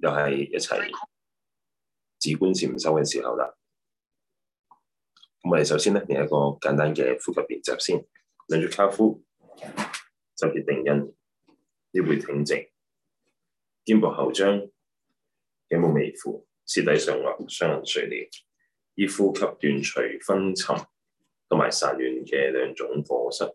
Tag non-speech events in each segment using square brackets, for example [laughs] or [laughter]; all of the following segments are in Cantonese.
又係一齊止觀禪修嘅時候啦。咁我哋首先咧，嚟一個簡單嘅呼吸練習先。兩隻卡夫，就結定印，腰背挺直，肩膊後張，頸部微呼，舌抵上顎，雙人垂簾，以呼吸斷除昏沉，同埋散亂嘅兩種過失。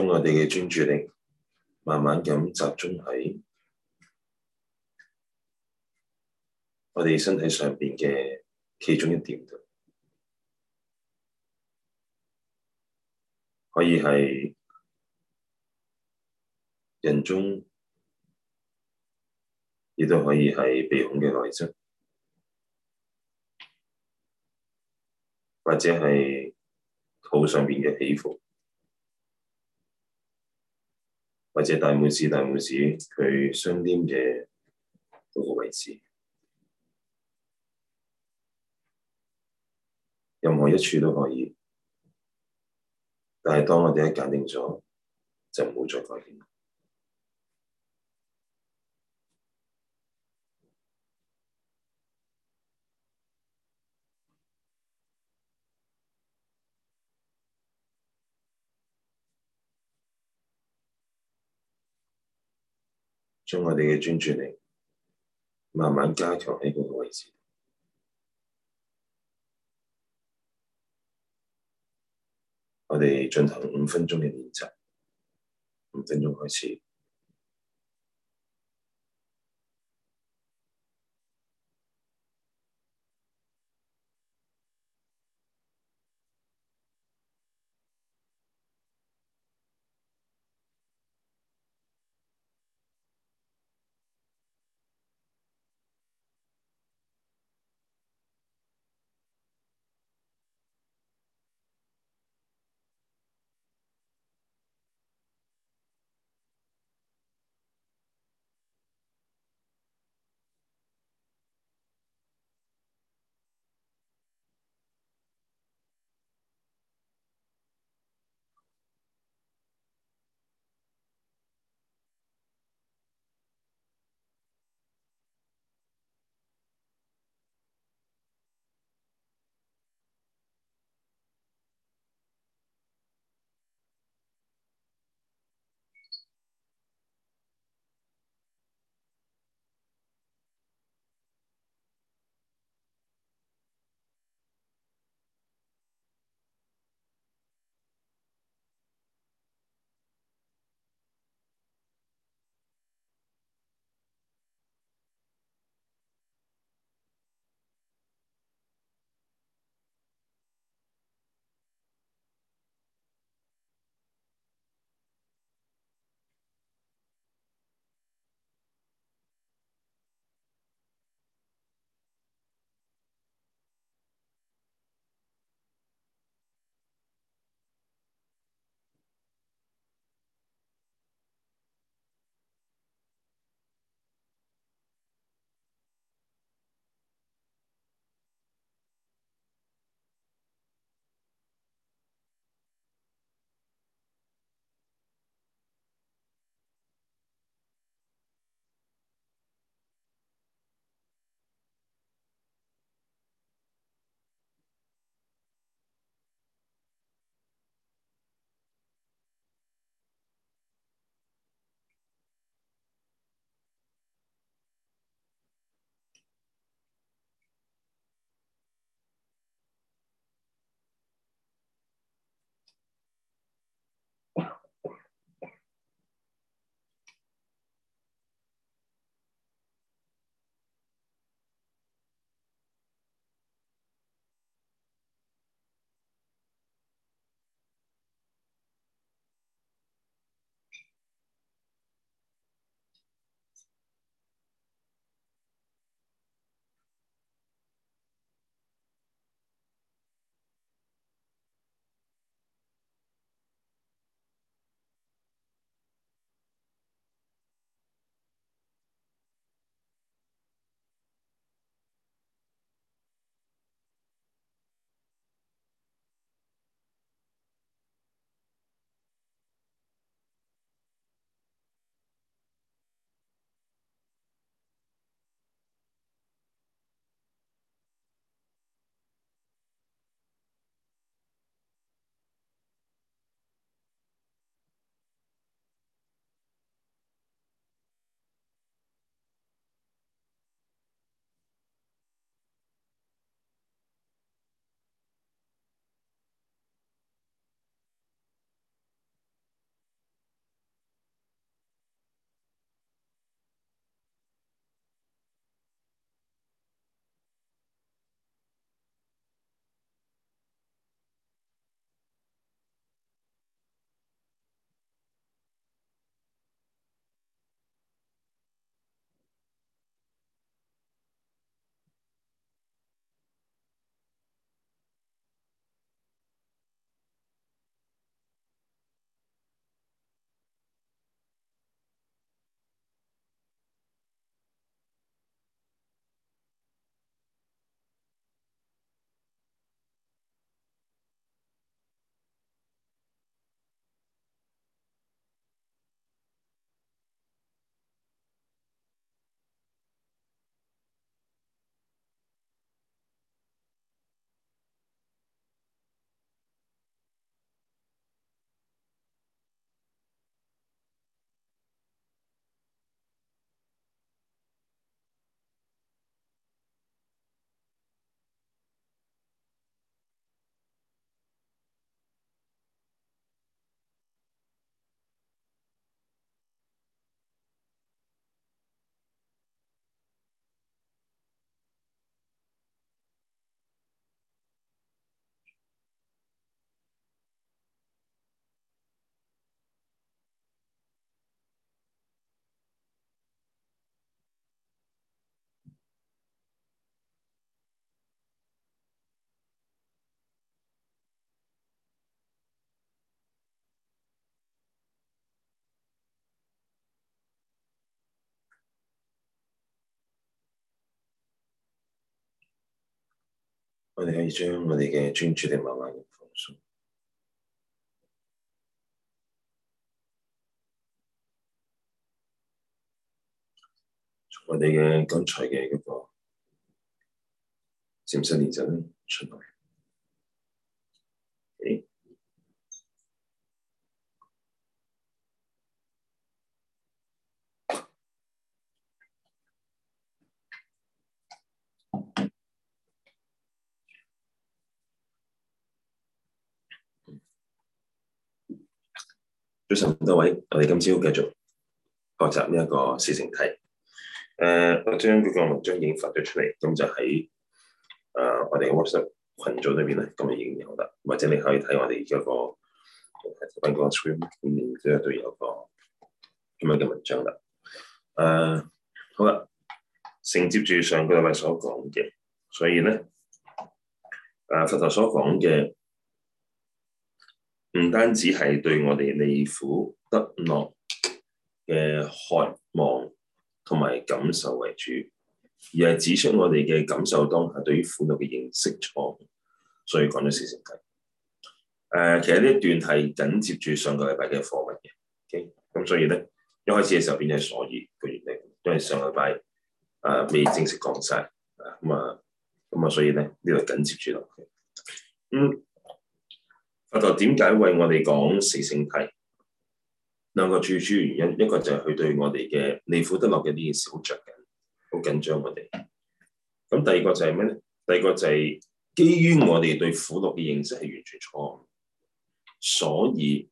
將我哋嘅專注力慢慢咁集中喺我哋身體上邊嘅其中一點度，可以係人中，亦都可以係鼻孔嘅內側，或者係肚上邊嘅起伏。或者大拇指、大拇指，佢相連嘅嗰個位置，任何一處都可以。但係當我哋一揀定咗，就唔好再改變。將我哋嘅專注力慢慢加強喺呢個位置，我哋進行五分鐘嘅練習，五分鐘開始。我哋可以將我哋嘅專注力慢慢咁放鬆，從我哋嘅剛才嘅嗰個潛意識練習咧出嚟。早晨，各位，我哋今朝繼續學習呢一個四聖諦。誒，我將個文章已經發咗出嚟，咁就喺誒、uh, 我哋嘅 WhatsApp 群組裏面咧，今日已經有啦。或者你可以睇我哋而家個 OneGo Stream，咁亦都都有個咁樣嘅文章啦。誒、uh，好啦，承接住上個禮拜所講嘅，所以咧，誒、uh, 佛陀所講嘅。唔單止係對我哋離苦得樂嘅渴望同埋感受為主，而係指出我哋嘅感受當下對於苦惱嘅認識錯誤，所以講咗四聖諦。誒、呃，其實呢一段係緊接住上個禮拜嘅課文嘅，OK，咁所以咧，一開始嘅時候變咗係所以嘅原理，因為上個禮拜誒、未、呃、正式講晒，咁啊咁啊，所以咧呢度緊接住落去。Okay? 嗯。我就點解為我哋講四聖諦？兩個最主要原因，一個就係佢對我哋嘅離苦得樂嘅呢件事好着緊，好緊張我哋。咁第二個就係咩咧？第二個就係基於我哋對苦樂嘅認識係完全錯誤，所以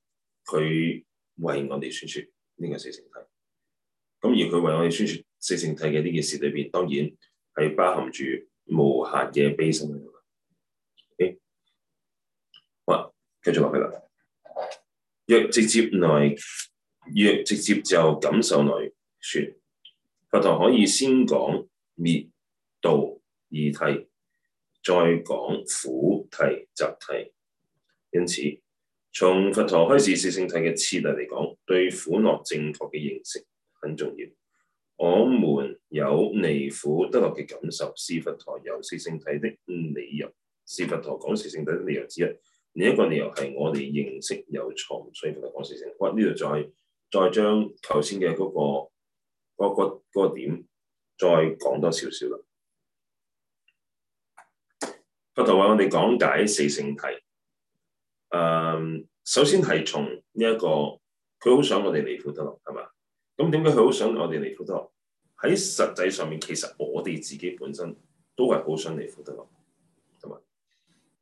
佢為我哋宣傳呢個四聖諦。咁而佢為我哋宣傳四聖諦嘅呢件事裏邊，當然係包含住無限嘅悲心。繼續話佢啦，若直接內，若直接就感受內說，佛陀可以先講滅道二諦，再講苦諦集諦。因此，從佛陀開示四聖諦嘅次第嚟講，對苦樂正確嘅認識很重要。我們有離苦得樂嘅感受，是佛陀有四聖諦的理由，是佛陀講四聖諦的理由之一。另一個理由，係我哋認識有錯，所以唔得講四聖諦。不過呢度再再將頭先嘅嗰個嗰、嗰個嗰個嗰個點再講多少少啦。佛陀為我哋講解四聖諦。誒、呃，首先係從呢一個，佢好想我哋離苦得樂，係嘛？咁點解佢好想我哋離苦得樂？喺實際上面，其實我哋自己本身都係好想離苦得樂，係嘛？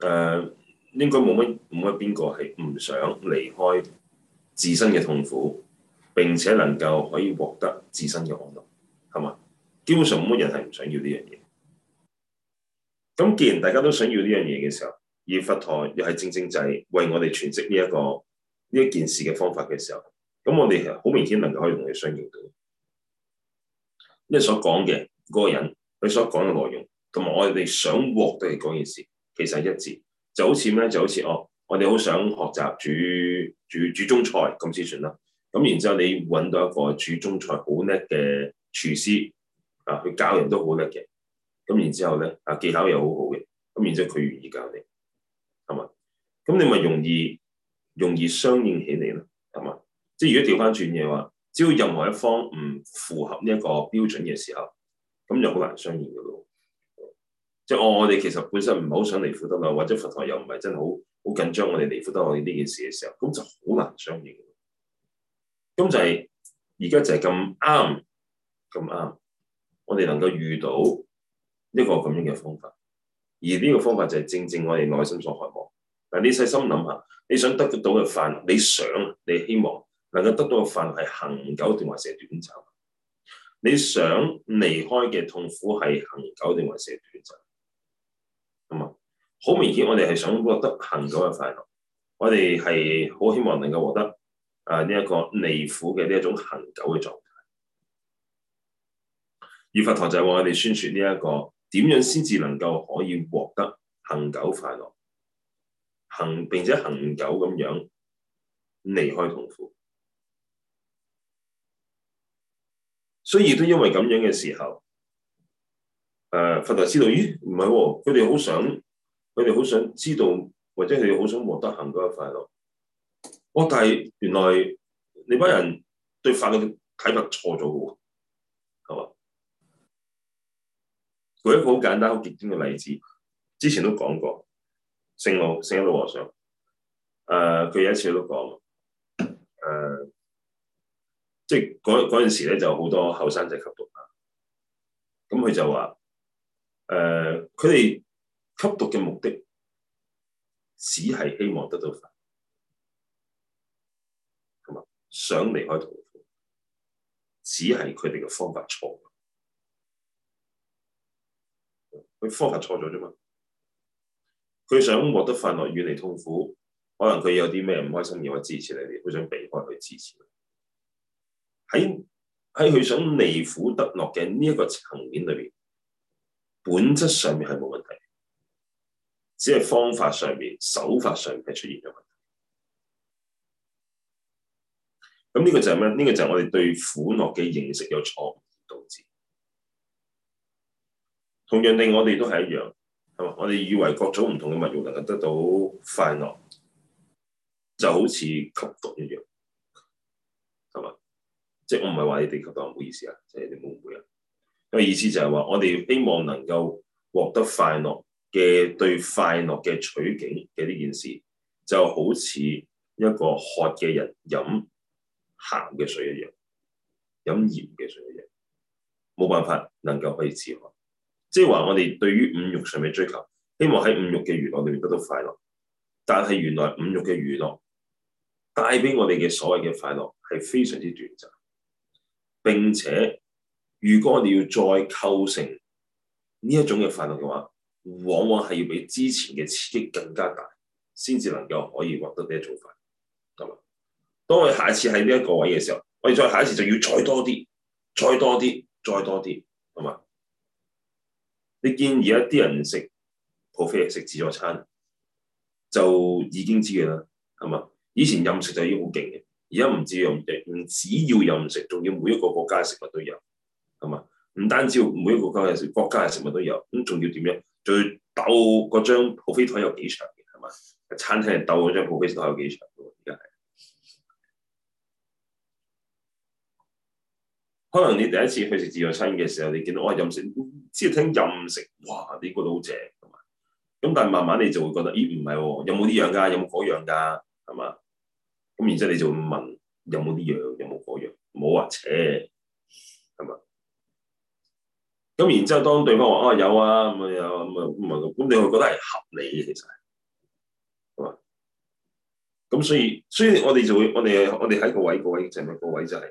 誒、呃。應該冇乜冇乜，邊個係唔想離開自身嘅痛苦，並且能夠可以獲得自身嘅安樂，係嘛？基本上冇乜人係唔想要呢樣嘢。咁既然大家都想要呢樣嘢嘅時候，而佛陀又係正正就係為我哋詮釋呢一個呢一件事嘅方法嘅時候，咁我哋好明顯能夠可以同佢相應到，因為所講嘅嗰個人，佢所講嘅內容，同埋我哋想獲得嘅嗰件事，其實一致。就好似咩？就好似我、哦，我哋好想學習煮煮煮中菜咁先算啦。咁然之後你揾到一個煮中菜好叻嘅廚師啊，佢教人都好叻嘅。咁然之後咧啊，技巧又好好嘅。咁然之後佢願意教你，係嘛？咁你咪容易容易相應起嚟咯，係嘛？即係如果調翻轉嘅話，只要任何一方唔符合呢一個標準嘅時候，咁又好難相應嘅咯。即係、哦、我哋其實本身唔係好想離苦得樂，或者佛陀又唔係真係好好緊張我哋離苦得樂呢件事嘅時候，咁就好難相應。咁就係而家就係咁啱咁啱，我哋能夠遇到一個咁樣嘅方法，而呢個方法就係正正我哋內心所渴望。但你細心諗下，你想得到嘅犯，你想你希望能夠得到嘅犯係恒久定，還是短暫？你想離開嘅痛苦係恒久定，還是短暫？咁啊，好、嗯、明顯我哋係想獲得恒久嘅快樂，我哋係好希望能夠獲得啊呢一個離苦嘅呢一種恒久嘅狀態。而佛陀就係話我哋宣說呢一個點樣先至能夠可以獲得恒久快樂，恒並且恒久咁樣離開痛苦。所以亦都因為咁樣嘅時候。誒，佛陀、啊、知道，咦？唔係、哦，佢哋好想，佢哋好想知道，或者佢哋好想獲得幸福快樂。哦，但係原來你班人對佛嘅睇法錯咗嘅，係嘛？舉、那、一個好簡單、好極端嘅例子，之前都講過，聖老、聖一老和尚。誒、呃，佢有一次都講，誒，即係嗰嗰陣時咧，就好、是、多後生仔吸毒啊，咁佢就話。誒，佢哋、uh, 吸毒嘅目的只係希望得到快，同埋想離開痛苦，只係佢哋嘅方法錯。佢方法錯咗啫嘛，佢想獲得快樂遠離痛苦，可能佢有啲咩唔開心嘢，我支持你哋，佢想避開去支持你。喺喺佢想離苦得樂嘅呢一個層面裏邊。本質上面係冇問題，只係方法上面、手法上面係出現咗問題。咁呢個就係咩？呢個就係我哋對苦樂嘅認識有錯誤導致。同樣地，我哋都係一樣，係嘛？我哋以為各種唔同嘅物慾能夠得到快樂，就好似吸毒一樣，係嘛？即係我唔係話你哋吸毒，唔好意思啊，即係你哋冇誤會啊。個意思就係話，我哋希望能夠獲得快樂嘅對快樂嘅取景嘅呢件事，就好似一個渴嘅人飲鹹嘅水一樣，飲鹽嘅水一樣，冇辦法能夠可以止渴。即係話我哋對於五慾上面追求，希望喺五慾嘅娛樂裏面得到快樂，但係原來五慾嘅娛樂帶俾我哋嘅所謂嘅快樂係非常之短暫，並且。如果我哋要再構成呢一種嘅快樂嘅話，往往係要比之前嘅刺激更加大，先至能夠可以獲得呢一種快樂。咁啊，當我下一次喺呢一個位嘅時候，我哋再下一次就要再多啲，再多啲，再多啲，係嘛？你見而家啲人食普啡食自助餐，就已經知嘅啦。係嘛？以前任食就已經要好勁嘅，而家唔止任食，唔只要任食，仲要每一個國家嘅食物都有。咁啊，唔單止每一個國家食國家嘅食物都有，咁仲要點樣？再鬥嗰張 buffet 台有幾長嘅，係嘛？餐廳鬥嗰張 buffet 台有幾長嘅喎，而家係。可能你第一次去食自助餐嘅時候，你見到我係任食，只係聽任食，哇！你覺得好正，咁啊。咁但係慢慢你就會覺得，咦？唔係喎，有冇啲樣㗎？有冇嗰樣㗎？係嘛？咁然之後你就會問，有冇啲樣？有冇嗰樣？唔好話，扯係嘛？咁然之後，當對方話：哦、啊，有啊，咁啊有啊，咁啊咁啊咁，你會覺得係合理嘅，其實係，係嘛？咁所以，所以我哋就會，我哋我哋喺個位，個位，個位就係咪個位就係？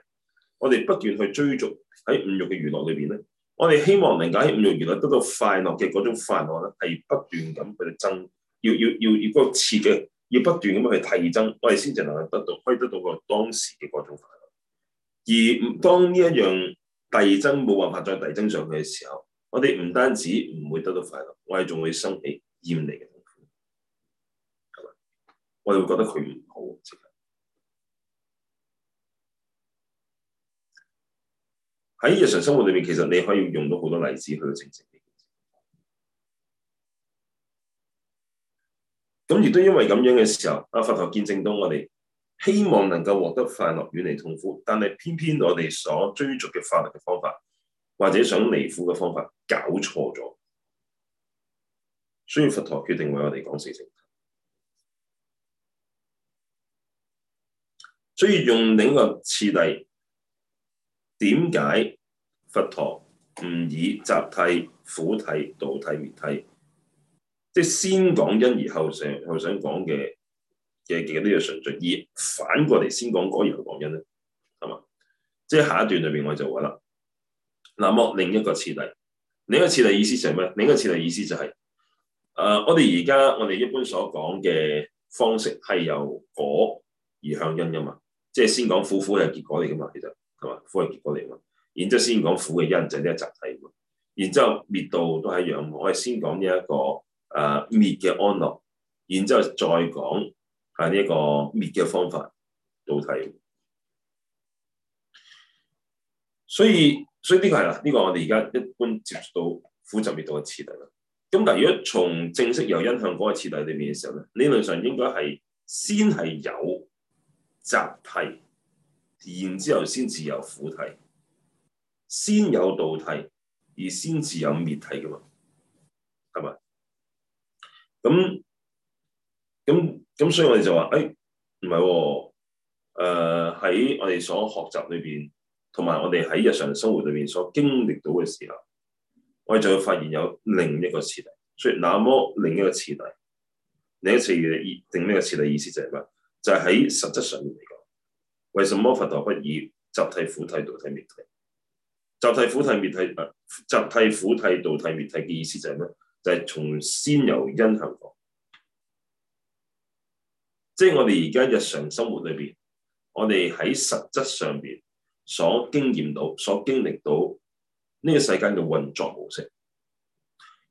我哋不斷去追逐喺五欲嘅娛樂裏邊咧，我哋希望能夠喺五欲娛樂得到快樂嘅嗰種快樂咧，係不斷咁去增，要要要要個刺激，要不斷咁去提增，我哋先至能夠得到，可以得到個當時嘅嗰種快樂。而當呢一樣。遞增，冇辦法再遞增上去嘅時候，我哋唔單止唔會得到快樂，我哋仲會生起厭離嘅痛苦，係我哋會覺得佢唔好。喺日常生活裏面，其實你可以用到好多例子去證成呢件事。咁亦都因為咁樣嘅時候，阿佛陀見證到我哋。希望能夠獲得快樂，遠離痛苦，但係偏偏我哋所追逐嘅快樂嘅方法，或者想離苦嘅方法搞錯咗，所以佛陀決定為我哋講四聖。所以用另一個次第，點解佛陀唔以集諦、苦諦、道諦、滅諦，即係先講因，而後成，後想講嘅？嘅，其實都要順序，而反過嚟先講果然而講因咧，係嘛？即係下一段裏邊，我哋就話啦。嗱，另一個次第，另一個次第意思就係、是、咩？另一個次第意思就係，誒，我哋而家我哋一般所講嘅方式係由果而向因噶嘛，即係先講苦，苦係結果嚟噶嘛，其實係嘛？苦係結果嚟嘛，然之後先講苦嘅因就係呢一集諦嘛。然之後滅道都係一樣，我係先講呢一個誒滅嘅安樂，然之後再講。係呢一個滅嘅方法，道諦。所以，所以呢個係啦，呢個我哋而家一般接觸到苦集滅道嘅次第啦。咁但係如果從正式由因向果嘅次第裏面嘅時候咧，理論上應該係先係有集諦，然之後先至有苦諦，先有道諦，而先至有滅諦噶嘛，係咪？咁咁。咁所以我哋就話，誒唔係喎，喺、呃、我哋所學習裏邊，同埋我哋喺日常生活裏邊所經歷到嘅時候，我哋就會發現有另一個次第。所以那麼另一個次第，另一次嘅意，定咩嘅次第嘅意思就係咩？就係、是、喺實質上面嚟講，為什麼佛陀不以集諦、苦諦、道諦、滅諦？集諦、苦諦、滅諦，啊，集諦、苦諦、道諦、滅諦嘅意思就係咩？就係、是、從先由因向講。即係我哋而家日常生活裏邊，我哋喺實質上邊所經驗到、所經歷到呢個世界嘅運作模式。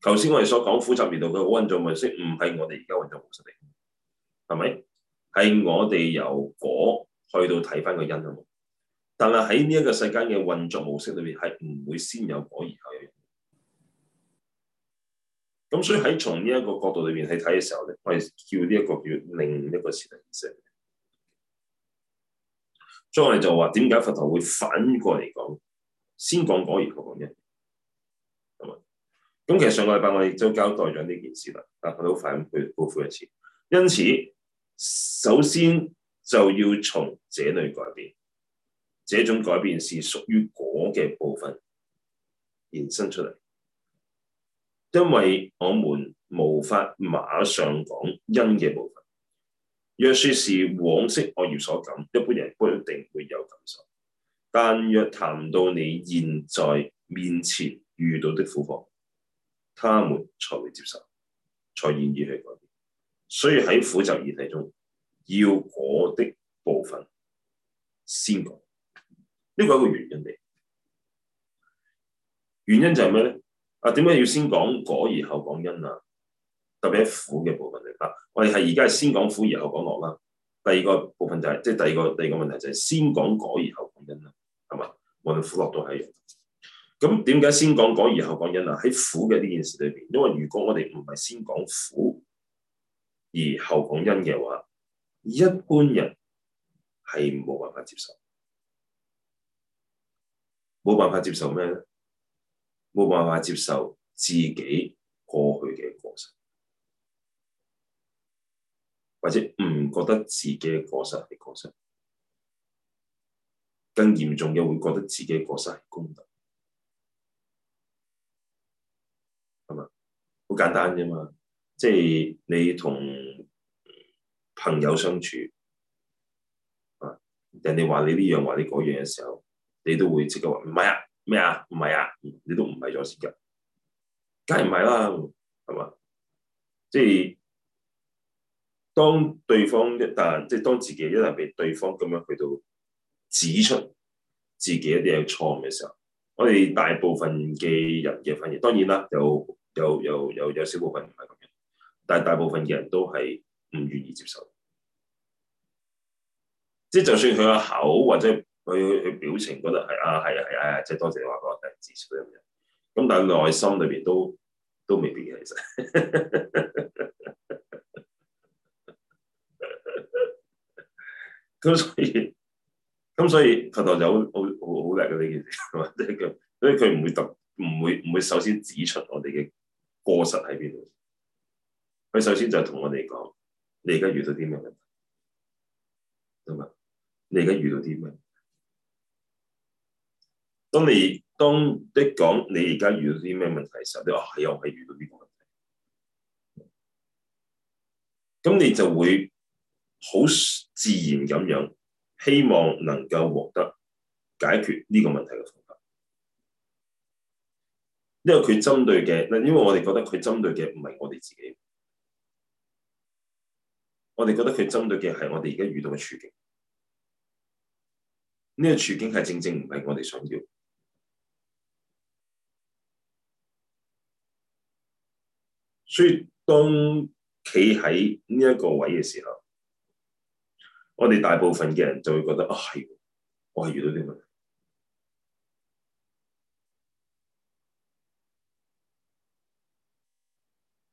頭先我哋所講苦集滅道嘅運作模式，唔係我哋而家運作模式嚟，係咪？係我哋由果去到睇翻個因啊？但係喺呢一個世間嘅運作模式裏邊，係唔會先有果而後有咁所以喺從呢一個角度裏邊去睇嘅時候咧，我哋叫呢、這、一個叫另一個前提性。所以我哋就話點解佛陀會反過嚟講，先講果而後講因。係嘛？咁其實上個禮拜我哋都交代咗呢件事啦，但係我都反覆告誡一次。因此，首先就要從這裏改變，這種改變是屬於果嘅部分延伸出嚟。因為我們無法馬上講因嘅部分，若說是往昔惡業所感，一般人不一定會有感受。但若談到你現在面前遇到的苦況，他們才會接受，才願意去改變。所以喺苦集二諦中，要果的部分先講，呢個係一個原因嚟。原因就係咩咧？啊，點解要先講果而後講因啊？特別喺苦嘅部分嚟，嗱、啊，我哋係而家係先講苦而後講樂啦。第二個部分就係、是，即係第二個第二個問題就係先講果而後講因啦，係咪？無論苦樂都係一樣。咁點解先講果而後講因啊？喺苦嘅呢件事裏邊，因為如果我哋唔係先講苦而後講因嘅話，一般人係冇辦法接受，冇辦法接受咩咧？冇辦法接受自己過去嘅過失，或者唔覺得自己嘅過失係過失，更嚴重嘅會覺得自己嘅過失係功德，係嘛？好簡單啫嘛，即係你同朋友相處啊，人哋話你呢樣話你嗰樣嘅時候，你都會即刻話唔係啊。咩啊？唔係啊！你都唔係咗先噶，梗係唔係啦，係嘛？即係當對方一旦即係當自己一旦俾對方咁樣去到指出自己一啲有錯誤嘅時候，我哋大部分嘅人嘅反應，當然啦，有有有有有少部分唔係咁樣，但係大部分嘅人都係唔願意接受。即係就算佢個口或者。佢佢表情覺得係啊，係啊，係啊，即多謝你話嗰個自指出咁樣。咁但係內心裏邊都都未必其實。咁 [laughs] 所以咁所以佛陀就好好好好叻嘅呢件事，即係佢，所以佢唔會特唔會唔會首先指出我哋嘅過失喺邊度。佢首先就係同我哋講：你而家遇到啲咩問題？得嘛？你而家遇到啲咩？當你當你講你而家遇到啲咩問題嘅時候，你話係啊，是我係遇到呢個問題，咁你就會好自然咁樣，希望能夠獲得解決呢個問題嘅方法，因為佢針對嘅，因為我哋覺得佢針對嘅唔係我哋自己，我哋覺得佢針對嘅係我哋而家遇到嘅處境，呢個處境係正正唔係我哋想要。所以當企喺呢一個位嘅時候，我哋大部分嘅人就會覺得啊，係、哦，我係遇到啲問題。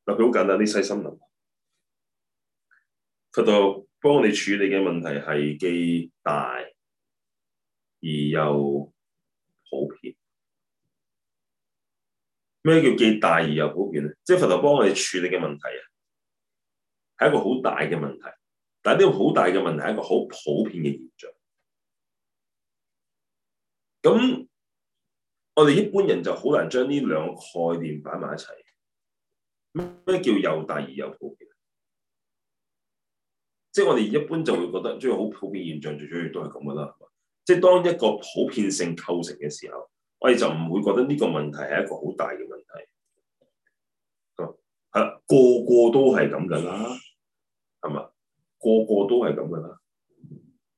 嗱，佢好簡單啲細心諗，佢度幫我哋處理嘅問題係既大而又普遍。咩叫既大而又普遍咧即係佛陀幫我哋處理嘅問題啊，係一個好大嘅問題。但係呢個好大嘅問題係一個好普遍嘅現象。咁我哋一般人就好難將呢兩個概念擺埋一齊。咩叫又大而又普遍？即係我哋一般就會覺得，即係好普遍現象，最主要都係咁噶啦，係嘛？即係當一個普遍性構成嘅時候。我哋就唔會覺得呢個問題係一個好大嘅問題，係啦，個個都係咁噶啦，係嘛？個個都係咁噶啦。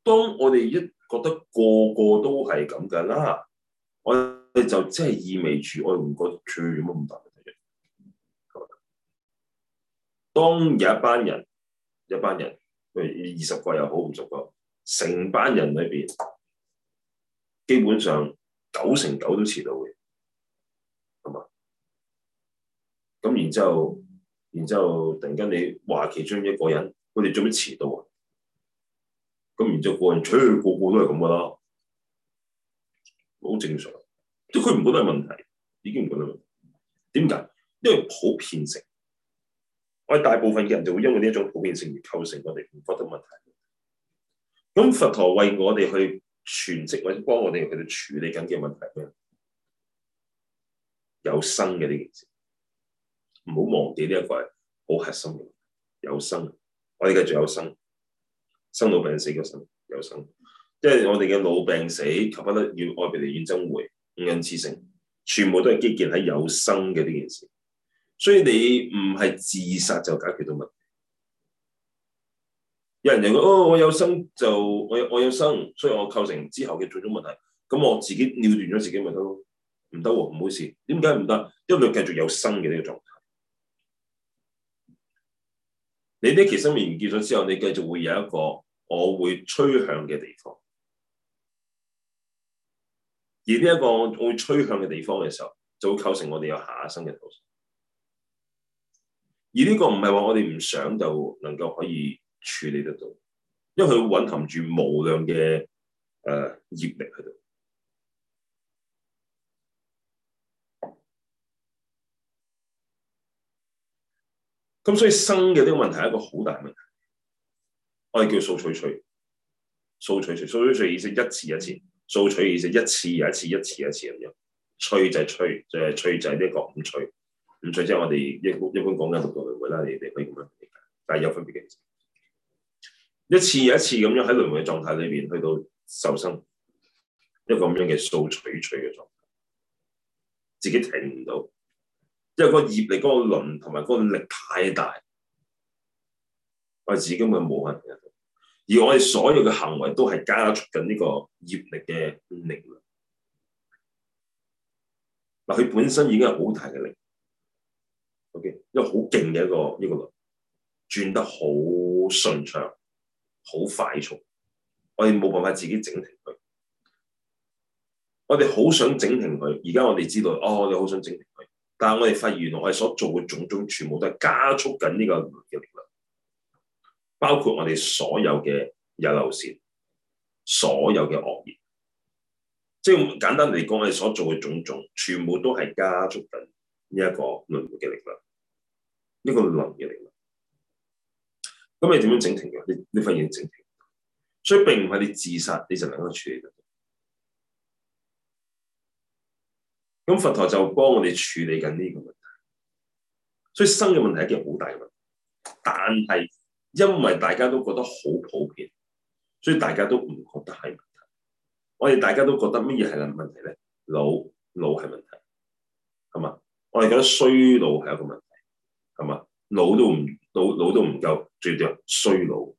當我哋一覺得個個都係咁噶啦，我哋就即係意味住我哋唔覺得咁咁大嘅一樣。當有一班人，一班人，二十個又好，五十個，成班人裏邊，基本上。九成九都遲到嘅，係嘛？咁然之後，然之後突然間你話其中一個人，佢哋做咩遲到啊？咁然之後，個人出去個個都係咁噶啦，好正常。即佢唔覺得係問題，已經唔覺得問題。點解？因為普遍性，我哋大部分嘅人就會因為呢一種普遍性而構成我哋唔覺得問題。咁佛陀為我哋去。全職或者幫我哋佢哋處理緊嘅問題咩？有生嘅呢件事，唔好忘記呢一個係好核心嘅問題，有生，我哋繼續有生，生老病死嘅生，有生，即係我哋嘅老病死，求不得，要愛別離，怨憎會，五陰熾盛，全部都係基建喺有生嘅呢件事，所以你唔係自殺就解決到問題。有人嚟講，哦，我有生就我有我有生，所以我構成之後嘅最終問題。咁我自己斷了斷咗自己咪得咯？唔得，唔好事。點解唔得？因為佢繼續有生嘅呢個狀態。你呢期生命完結咗之後，你繼續會有一個我會趨向嘅地方。而呢一個我會趨向嘅地方嘅時候，就會構成我哋有下一生嘅過程。而呢個唔係話我哋唔想就能夠可以。處理得到，因為佢蘊含住無量嘅誒、呃、業力喺度，咁所以生嘅呢個問題係一個好大問題。我哋叫數取趣，數取趣，數取趣意思一次一次，數取意思一次又一次，一次一次咁樣，趣就係趣，就係、是、趣、這個，就係呢個五趣，五趣即係我哋一一般講緊六道輪迴啦，你哋可以咁樣理解，但係有分別嘅。一次又一次咁樣喺輪迴嘅狀態裏邊，去到受生一個咁樣嘅數取趣嘅狀態，自己停唔到，因為個業力、嗰個輪同埋嗰個力太大，我哋自己根本冇人，而我哋所有嘅行為都係加速緊呢個業力嘅力量。嗱，佢本身已經係好大嘅力，OK，因為一個好勁嘅一個呢個輪轉得好順暢。好快速，我哋冇辦法自己整停佢。我哋好想整停佢，而家我哋知道哦，你好想整停佢，但係我哋發現我哋所做嘅種種，全部都係加速緊呢個輪嘅力量，包括我哋所有嘅有漏線，所有嘅惡業，即係簡單嚟講，我哋所做嘅種種，全部都係加速緊呢一個輪嘅力量，呢、這個輪嘅力量。咁你點樣整停嘅？你你份嘢整停，所以並唔係你自殺你就能夠處理得。咁佛陀就幫我哋處理緊呢個問題，所以生嘅問題係一件好大嘅問題，但係因為大家都覺得好普遍，所以大家都唔覺得係問題。我哋大家都覺得乜嘢係問題咧？老老係問題，係嘛？我哋覺得衰老係一個問題，係嘛？老都唔～老老都唔夠，最屌衰老。 [laughs]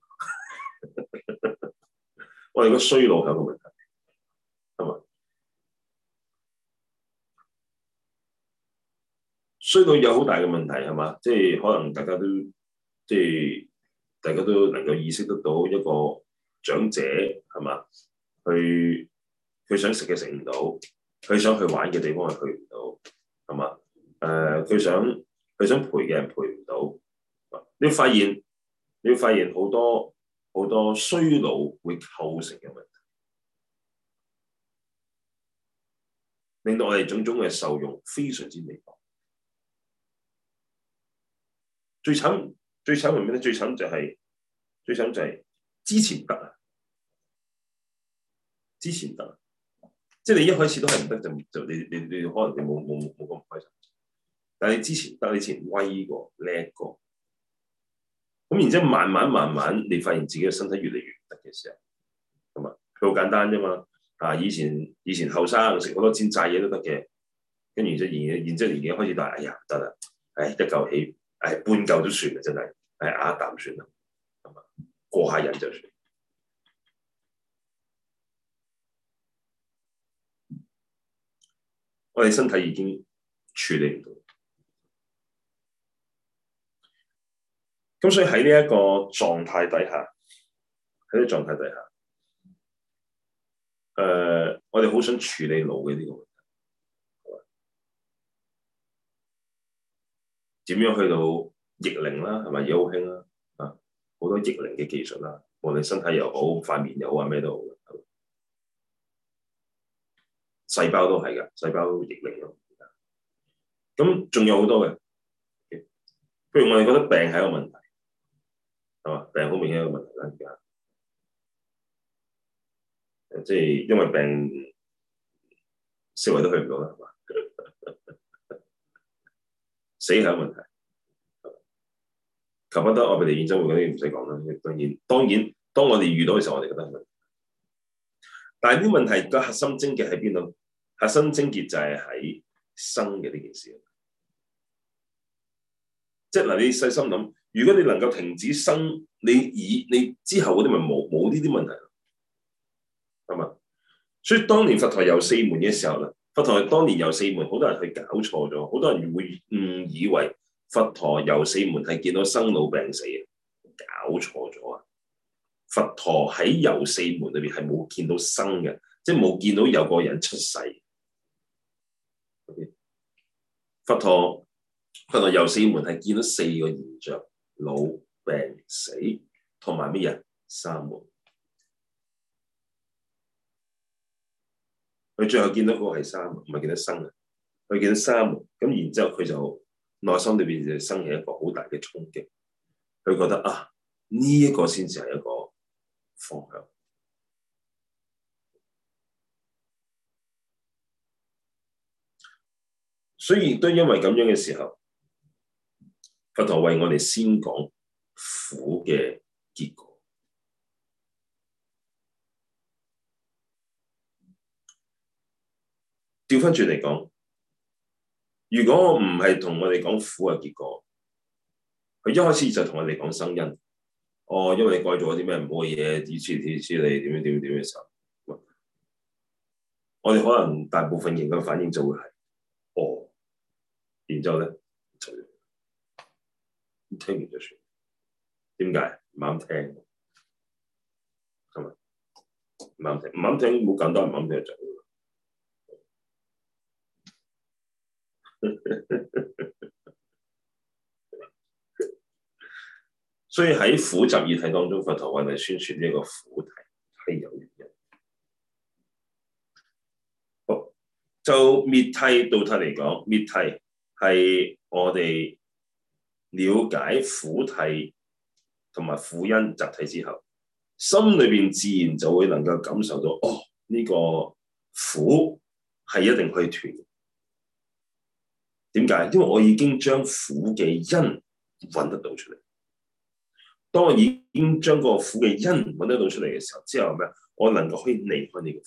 我哋個衰老有一個問題，係嘛？衰老有好大嘅問題，係嘛？即係可能大家都，即係大家都能夠意識得到一個長者，係嘛？佢佢想食嘅食唔到，佢想去玩嘅地方係去唔到，係嘛？誒、呃，佢想佢想陪嘅人陪唔到。你要發現，你要發現好多好多衰老會構成嘅問題，令到我哋種種嘅受用非常之微薄。最慘最慘係咩咧？最慘就係最慘就係之前得啊，之前得，即係你一開始都係唔得，就就你你你可能你冇冇冇咁開心，但係你之前得，你之前威過叻過。咁然之後慢慢慢慢，你發現自己嘅身體越嚟越唔得嘅時候，咁啊，佢好簡單啫嘛。啊，以前以前後生食好多煎炸嘢都得嘅，跟住然之後年紀開始大，哎呀，得啦，唉、哎，一嚿起，唉、哎，半嚿都算啦，真係，唉、哎，壓啖算啦，咁啊，過下癮就算。我哋身體已經處理唔到。咁所以喺呢一個狀態底下，喺呢狀態底下，誒、呃，我哋好想處理老嘅呢個問題，係嘛？點樣去到逆齡啦？係咪而家好興啦？啊，好多逆齡嘅技術啦、啊，我哋身體又好，塊面又好啊，咩都好嘅，細胞都係㗎，細胞都逆齡咯。咁仲有好多嘅，譬如我哋覺得病係一個問題。係嘛、啊，病好明顯一個問題啦，而家，誒、啊，即係因為病，四圍都去唔到啦，係嘛， [laughs] 死係個問題，求、啊、不得，愛別離，怨憎會嗰啲唔使講啦，當然，當然，當我哋遇到嘅時候，我哋覺得係咪？但係呢啲問題個核心症結喺邊度？核心症結就係喺生嘅呢件事啊，即係嗱，你細心諗。如果你能夠停止生，你已你之後嗰啲咪冇冇呢啲問題咯，係嘛？所以當年佛陀遊四門嘅時候咧，佛陀係當年遊四門，好多人去搞錯咗，好多人會誤以為佛陀遊四門係見到生老病死啊，搞錯咗啊！佛陀喺遊四門裏邊係冇見到生嘅，即係冇見到有個人出世、okay? 佛。佛陀佛陀遊四門係見到四個現象。老病死同埋咩啊？沙門，佢最後見到嗰個係沙門，唔係見到生啊。佢見到沙門，咁然之後佢就內心裏邊就生起一個好大嘅衝擊。佢覺得啊，呢、這、一個先至係一個方向。所以亦都因為咁樣嘅時候。佛陀為我哋先講苦嘅結果，調翻轉嚟講，如果我唔係同我哋講苦嘅結果，佢一開始就同我哋講生因。哦，因為你改咗啲咩唔好嘅嘢，以致以致你點樣點樣點樣嘅時候。我哋可能大部分人嘅反應就會係，哦，然之後咧。聽完就算，點解唔啱聽？係咪？唔啱聽，唔啱聽冇咁多唔啱聽，聽就。 [laughs] 所以喺苦集二諦當中佛，佛陀為你宣傳呢一個苦諦，係有原因。好，就滅諦道諦嚟講，滅諦係我哋。了解苦諦同埋苦因集諦之後，心裏邊自然就會能夠感受到，哦，呢個苦係一定可以斷。點解？因為我已經將苦嘅因揾得到出嚟。當我已經將個苦嘅因揾得到出嚟嘅時候，之後咩？我能夠可以離開呢個苦。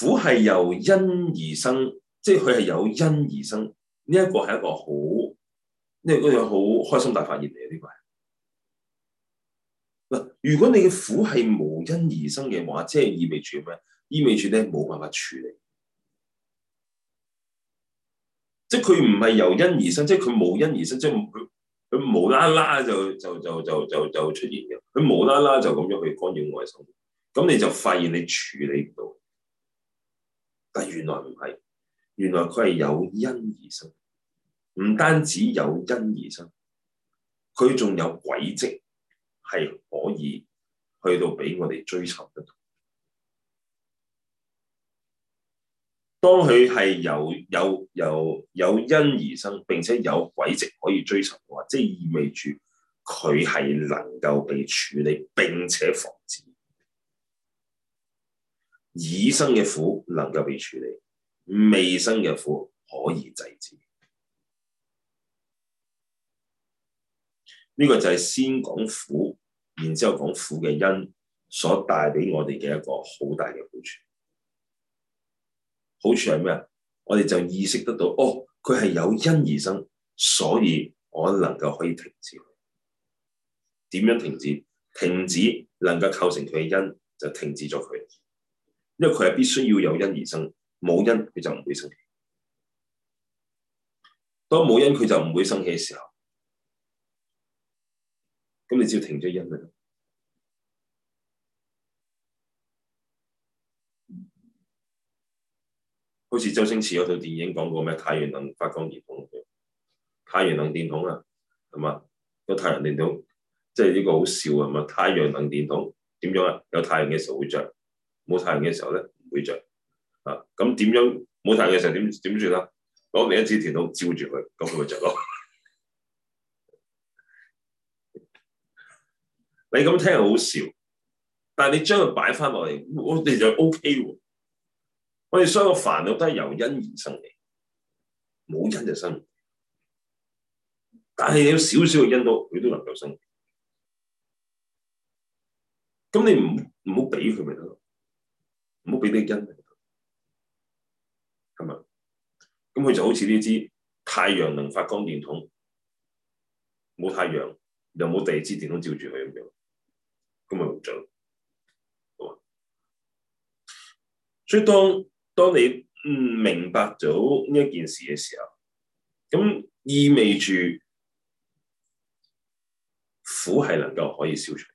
苦係由因而生，即係佢係由因而生。呢一個係一個好，呢個係好開心大發現嚟嘅呢個。嗱，如果你嘅苦係無因而生嘅話，即係意味住咩？意味住咧冇辦法處理。即係佢唔係由因而生，即係佢無因而生，即係佢佢無啦啦就就就就就就出現嘅。佢無啦啦就咁樣去干擾我嘅生活，咁你就發現你處理唔到。但原來唔係，原來佢係有因而生，唔單止有因而生，佢仲有軌跡係可以去到俾我哋追尋得到。當佢係由有有有因而生，並且有軌跡可以追尋嘅話，即係意味住佢係能夠被處理，並且防止。已生嘅苦能夠被處理，未生嘅苦可以制止。呢、這個就係先講苦，然之後講苦嘅因所帶俾我哋嘅一個好大嘅好處。好處係咩啊？我哋就意識得到，哦，佢係有因而生，所以我能夠可以停止佢。點樣停止？停止能夠構成佢嘅因，就停止咗佢。因為佢係必須要有因而生，冇因佢就唔會生起。當冇因佢就唔會生起嘅時候，咁你只要停咗因咪得？好似周星馳有套電影講過咩？太陽能發光電筒，太陽能電筒啊，係嘛？個太陽能電筒即係呢個好笑啊，係嘛？太陽能電筒點樣啊？有太陽嘅時候會着。冇太陽嘅時候咧，唔會着。啊！咁點樣冇太陽嘅時候點點算啦？攞另一支電筒照住佢，咁佢咪着咯。 [laughs] 你咁聽又好笑，但係你將佢擺翻落嚟，我哋就 OK 喎、啊。我哋所有煩惱都係由因而生嚟，冇因就生。但係有少少嘅因都佢都能夠生。咁你唔唔好俾佢咪得咯？唔好俾啲因，係咪？咁佢就好似呢支太陽能發光電筒，冇太陽又冇第二支電筒照住佢咁樣，咁咪唔準，好、嗯、嘛？所以當當你唔明白咗呢一件事嘅時候，咁意味住苦係能夠可以消除，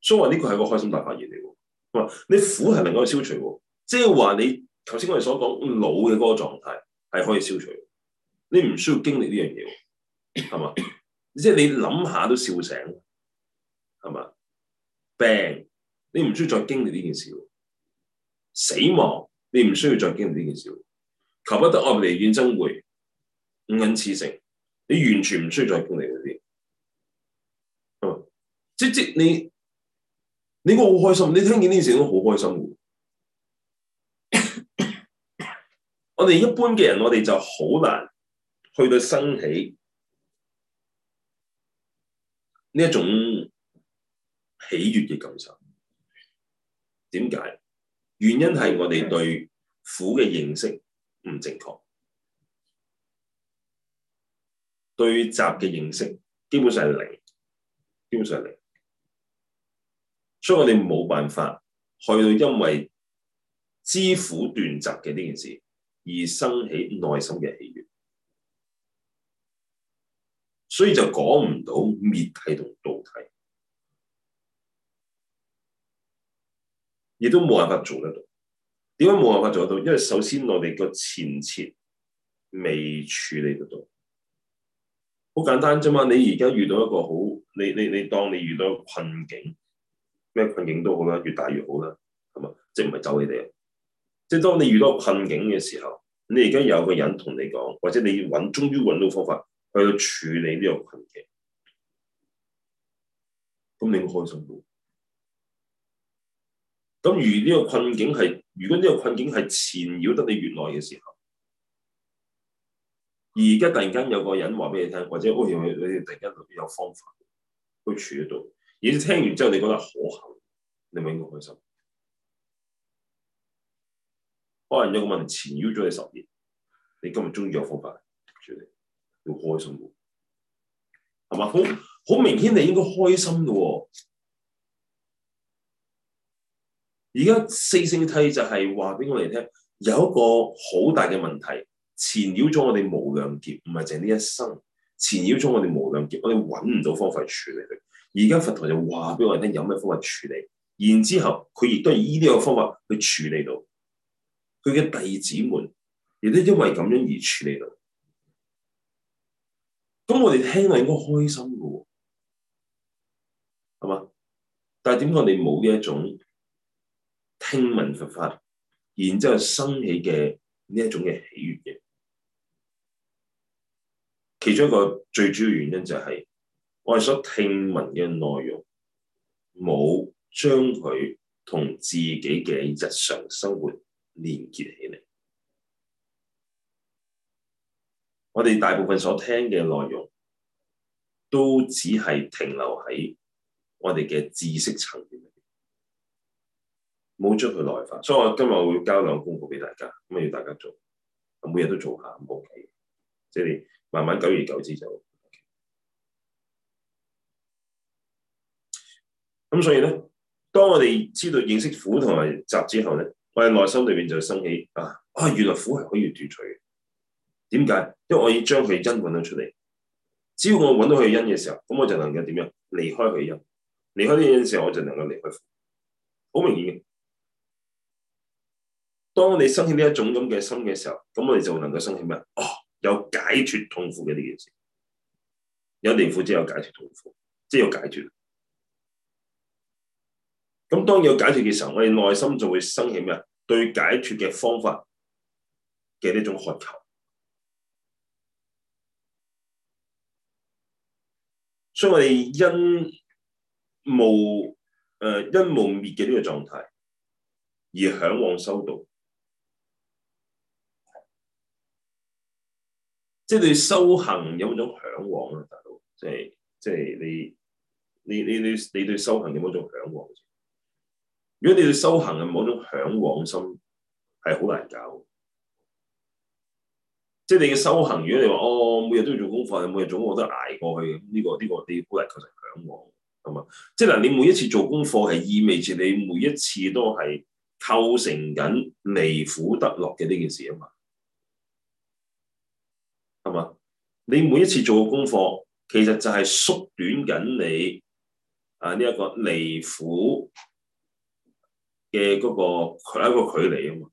所以話呢個係一個開心大發現嚟喎。話你苦係能夠消除，即係話你頭先我哋所講老嘅嗰個狀態係可以消除，你唔需要經歷呢樣嘢，係嘛？ [coughs] 即係你諗下都笑醒，係嘛？病你唔需要再經歷呢件事，死亡你唔需要再經歷呢件事，求不得、愛別離、怨憎會、五陰熾盛，你完全唔需要再經歷嗰啲。嗯，即係你。你都好開心，你聽見呢件事都好開心嘅。 [coughs] 我哋一般嘅人，我哋就好難去到生起呢一種喜悅嘅感受。點解？原因係我哋對苦嘅認識唔正確，對集嘅認識基本上係零，基本上係零。所以我哋冇辦法去到，因為知苦斷集嘅呢件事而生起內心嘅喜悅，所以就講唔到滅諦同道諦，亦都冇辦法做得到。點解冇辦法做得到？因為首先我哋個前設未處理得到，好簡單啫嘛。你而家遇到一個好，你你你當你遇到一個困境。咩困境都好啦，越大越好啦，係嘛？即係唔係走你哋？即係當你遇到個困境嘅時候，你而家有個人同你講，或者你要揾，終於揾到方法去處理呢個困境，咁你會開心到。咁如呢個困境係，如果呢個困境係纏繞得你越耐嘅時候，而家突然間有個人話俾你聽，或者哦、哎，你你突然間有方法去處理到。你聽完之後，你覺得可行，你咪應該開心。可能有個問題纏繞咗你十年，你今日終於有方法處理，要開心噶，係嘛？好好明顯你應該開心噶哦。而家四聖諦就係話俾我哋聽，有一個好大嘅問題纏繞咗我哋無量劫，唔係淨係呢一生，纏繞咗我哋無量劫，我哋搵唔到方法處理佢。而家佛陀就話俾我哋聽，有咩方法處理，然之後佢亦都以呢個方法去處理到，佢嘅弟子們亦都因為咁樣而處理到，咁我哋聽係應該開心嘅，係嘛？但係點解我哋冇呢一種聽聞佛法，然之後生起嘅呢一種嘅喜悅嘅？其中一個最主要原因就係、是。我哋所聽聞嘅內容，冇將佢同自己嘅日常生活連結起嚟。我哋大部分所聽嘅內容，都只係停留喺我哋嘅知識層面裏面，冇將佢內化。所以我今日會交兩功課俾大家，咁要大家做。每日都做下五部偈，即係你慢慢久而久之就會。咁所以咧，當我哋知道認識苦同埋集之後咧，我哋內心裏面就生起啊，啊、哦，原來苦係可以斷除嘅。點解？因為我要將佢因搵到出嚟。只要我搵到佢因嘅時候，咁我就能夠點樣離開佢因。離開呢因嘅時候，我就能夠離開苦。好明顯嘅。當你生起呢一種咁嘅心嘅時候，咁我哋就能夠生起咩？哦，有解脫痛苦嘅呢件事。有離苦，即係有解脫痛苦，即係要解脫。咁當有解脫嘅時候，我哋內心就會生起咩？對解脫嘅方法嘅呢種渴求。所以我哋因無、呃、因無誒因無滅嘅呢個狀態而向往修道，即係對修行有冇種向往啊？大佬，即係即係你你你你你對修行有冇種向往？如果你哋修行嘅某種向往心，係好難搞。即係你嘅修行，如果你話哦，每日都要做功課，每日做我都捱過去嘅，呢個呢個你要鼓勵佢成向往，係嘛？即係嗱，你每一次做功課係意味住你每一次都係構成緊離苦得樂嘅呢件事啊嘛，係嘛？你每一次做嘅功課，其實就係縮短緊你啊呢一個離苦。嘅嗰個佢有一個距離啊嘛，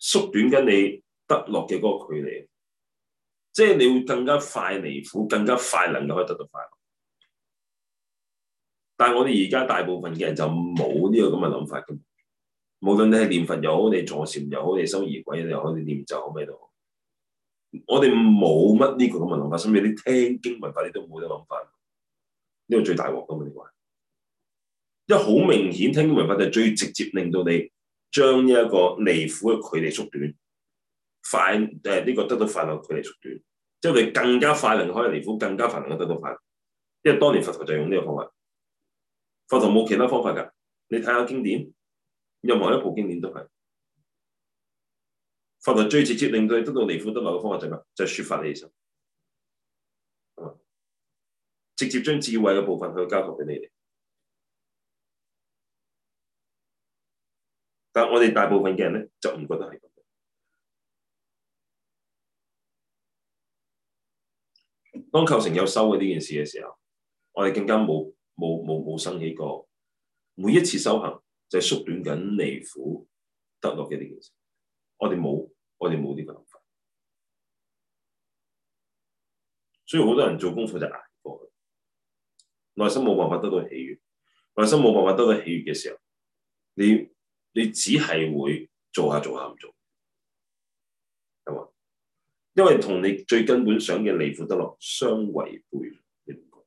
縮短緊你得樂嘅嗰個距離，即係你會更加快離苦，更加快能夠可以得到快樂。但係我哋而家大部分嘅人就冇呢個咁嘅諗法嘅，無論你係念佛又好，你坐禪又好，你修儀軌又好，你念咒好，咩都好，我哋冇乜呢個咁嘅諗法，甚至你啲聽經聞法，你都冇呢個諗法，呢、呢個最大鑊噶嘛你話。即係好明顯，聽個文化就係最直接令到你將呢一個離苦嘅距離縮短，快誒呢個得到快樂距離縮短，即係你更加快能可以離苦，更加快能得到快樂。因為當年佛陀就用呢個方法，佛陀冇其他方法㗎。你睇下經典，任何一部經典都係佛陀最直接令到你得到離苦得樂嘅方法就係、是、就係、是、説法理身，嗯，直接將智慧嘅部分去交託俾你哋。但我哋大部分嘅人咧就唔覺得係咁。當構成有收嘅呢件事嘅時候，我哋更加冇冇冇冇生起過每一次修行就係、是、縮短緊離苦得樂嘅呢件事。我哋冇，我哋冇呢個諗法。所以好多人做功夫就捱過去，內心冇辦法得到喜悦，內心冇辦法得到喜悦嘅時候，你。你只係會做下做下唔做，係嘛？因為同你最根本想嘅離苦得樂相違背，你唔覺得。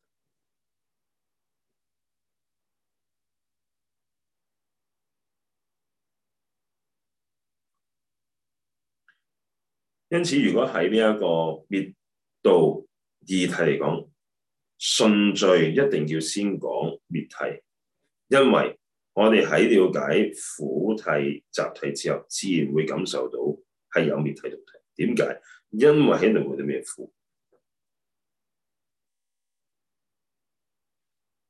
因此，如果喺呢一個滅道二諦嚟講，順序一定要先講滅諦，因為。我哋喺了解苦諦集諦之後，自然會感受到係有滅諦道諦。點解？因為喺度冇條咩苦。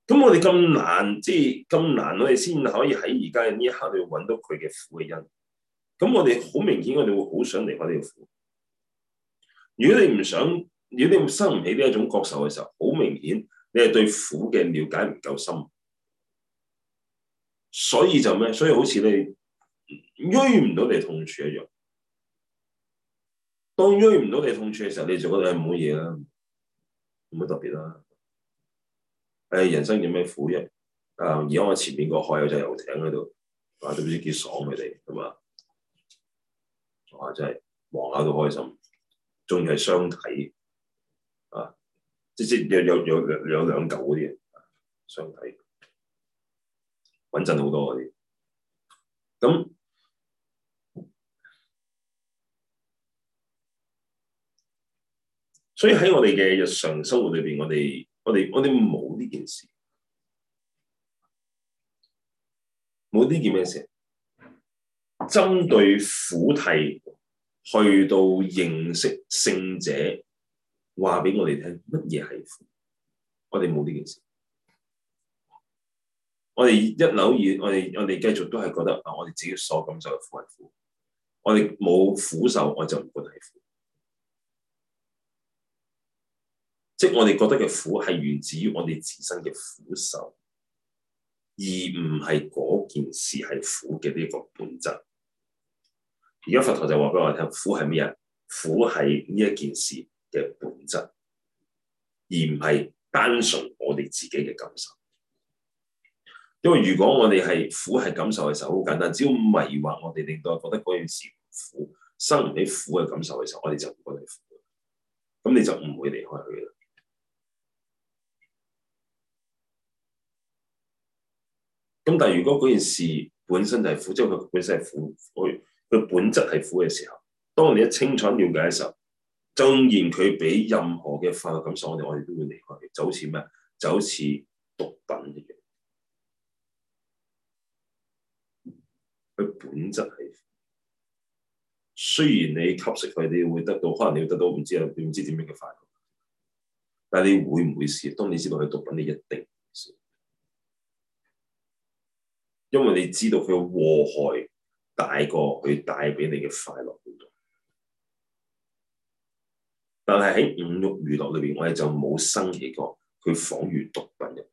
咁我哋咁難，即係咁難，我哋先可以喺而家呢一刻度揾到佢嘅苦嘅因。咁我哋好明顯，我哋會好想離開呢個苦。如果你唔想，如果你生唔起呢一種覺受嘅時候，好明顯你係對苦嘅了解唔夠深。所以就咩？所以好似你追唔到你痛處一樣，當追唔到你痛處嘅時候，你就覺得係冇嘢啦，冇乜特別啦。唉、哎，人生有咩苦啫？啊，而家我前面個海有隻遊艇喺度，啊，都唔知幾爽佢哋，咁啊，哇、啊，真係望下都開心，仲要係雙體啊，即係有有有有，有有有有兩嚿嗰啲雙體。穩陣好多嗰啲，咁所以喺我哋嘅日常生活裏邊，我哋我哋我哋冇呢件事，冇呢件咩事？針對苦諦去到認識聖者，話俾我哋聽乜嘢係苦，我哋冇呢件事。我哋一扭耳，我哋我哋繼續都係覺得啊，我哋自己所感受嘅苦係苦，我哋冇苦受，我就唔管係苦。即係我哋覺得嘅苦係源自於我哋自身嘅苦受，而唔係嗰件事係苦嘅呢個本質。而家佛陀就話俾我聽，苦係咩啊？苦係呢一件事嘅本質，而唔係單純我哋自己嘅感受。因為如果我哋係苦係感受嘅時候，好簡單，只要迷惑我哋令到覺得嗰件事苦，生唔起苦嘅感受嘅時候，我哋就唔覺得苦。咁你就唔會離開佢啦。咁但係如果嗰件事本身就係苦，即係佢本身係苦，佢佢本質係苦嘅時候，當你一清楚了解嘅時候，縱然佢俾任何嘅快樂感受我哋，我哋都會離開。就好似咩？就好似毒品一樣。佢本質係，雖然你吸食佢，你會得到，可能你會得到唔知唔知點樣嘅快樂，但係你會唔會試？當你知道佢毒品，你一定唔會試，因為你知道佢嘅禍害大過佢帶俾你嘅快樂好多。但係喺五欲娛樂裏邊，我哋就冇生起過佢仿如毒品嘅。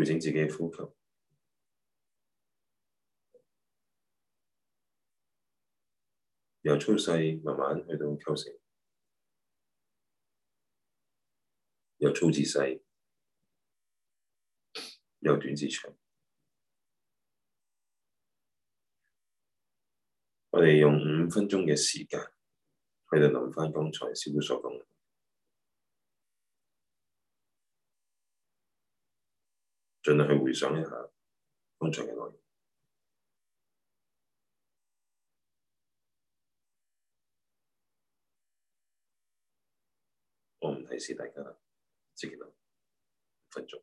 調整自己嘅呼吸，由粗細慢慢去到構成，由粗至細，由短至長。 [laughs] 我哋用五分鐘嘅時間去到諗翻剛才小所講。盡量去回想一下當場嘅內容。我唔提示大家啦，只夠分鐘。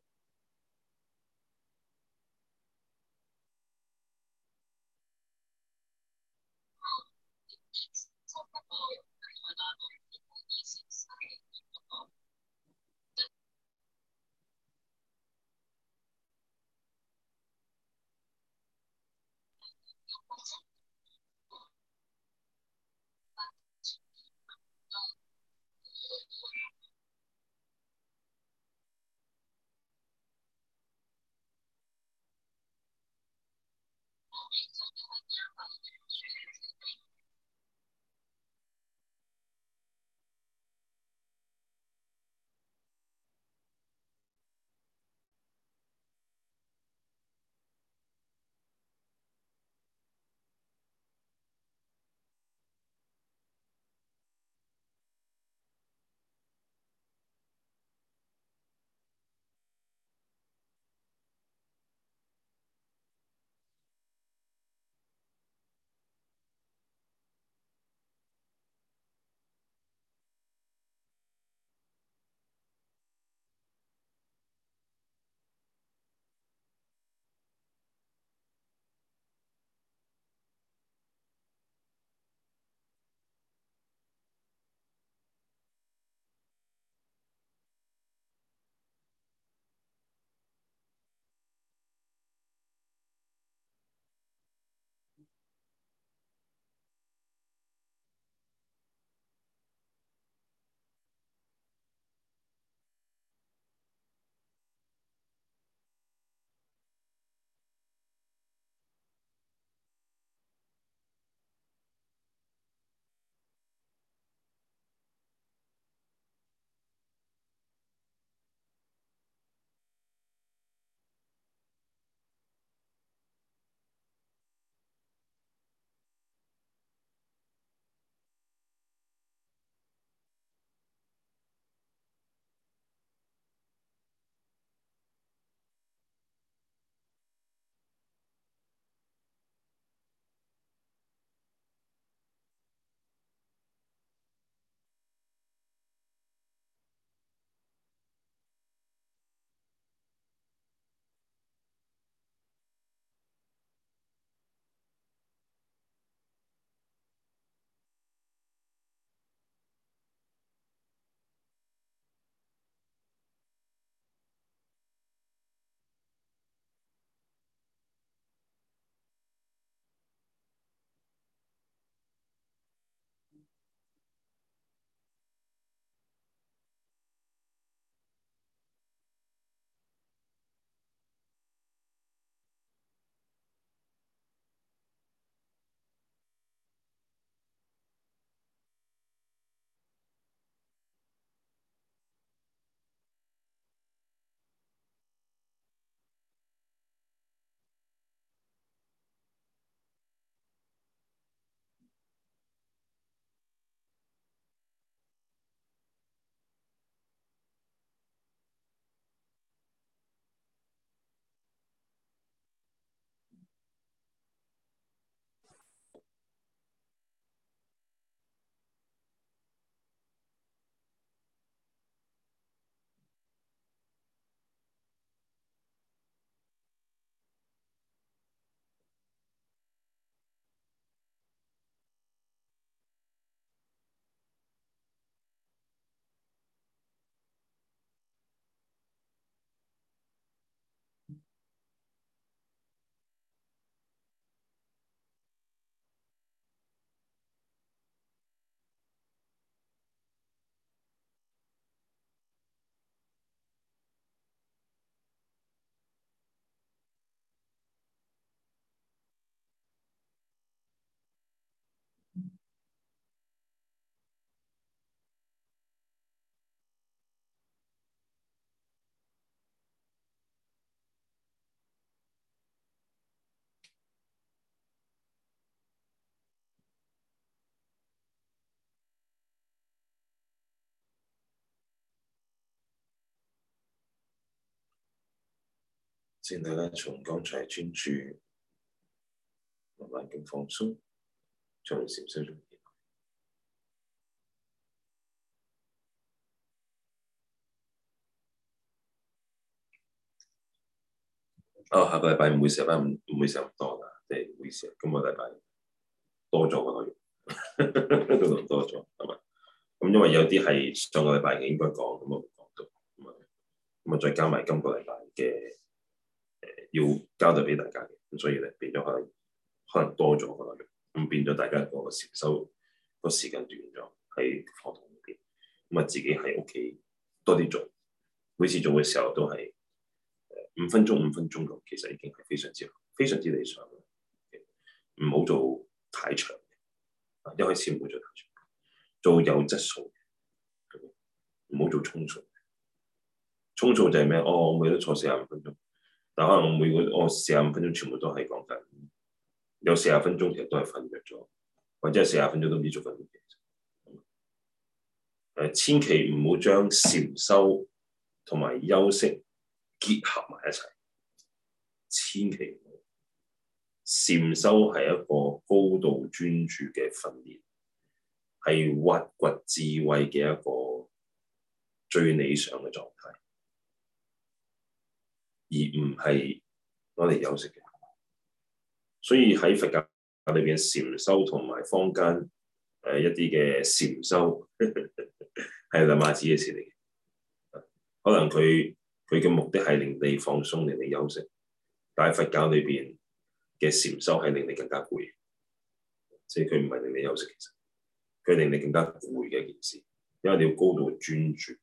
先，大家從剛才嘅專注同環境放鬆，再少少。哦，下個禮拜唔會成翻，唔唔會成咁多噶。即係唔好意思，今個禮拜多咗個月，都 [laughs] 多咗係咪？咁、 [laughs] 嗯、因為有啲係上個禮拜嘅應該講，咁我唔講到咁啊。咁、嗯、啊、嗯嗯，再加埋今個禮拜嘅。要交代俾大家嘅，咁所以咧變咗可能可能多咗啦，咁變咗大家個時收個時間短咗喺課堂入邊，咁啊自己喺屋企多啲做，每次做嘅時候都係呃、五分鐘五分鐘咁，其實已經係非常之非常之理想嘅，唔、嗯、好做太長嘅、啊，一開始唔會做太長，做有質素嘅，唔、嗯、好做倉促嘅。倉促就係咩、哦，我每日都坐四十五分鐘。但可能我每個我四十五分鐘全部都係講緊，有四十分鐘其實都係瞓着咗，或者係四十分鐘都唔知做緊乜嘢。誒、嗯，千祈唔好將禪修同埋休息結合埋一齊。千祈唔好，禪修係一個高度專注嘅訓練，係挖掘智慧嘅一個最理想嘅狀態。而唔係攞嚟休息嘅，所以喺佛教裏邊禪修同埋坊間誒、呃、一啲嘅禪修係 [laughs] 兩碼子嘅事嚟嘅。可能佢佢嘅目的係令你放鬆，令你休息，但係佛教裏邊嘅禪修係令你更加攰。即係佢唔係令你休息，其實佢令你更加攰嘅一件事，因為你要高度專注，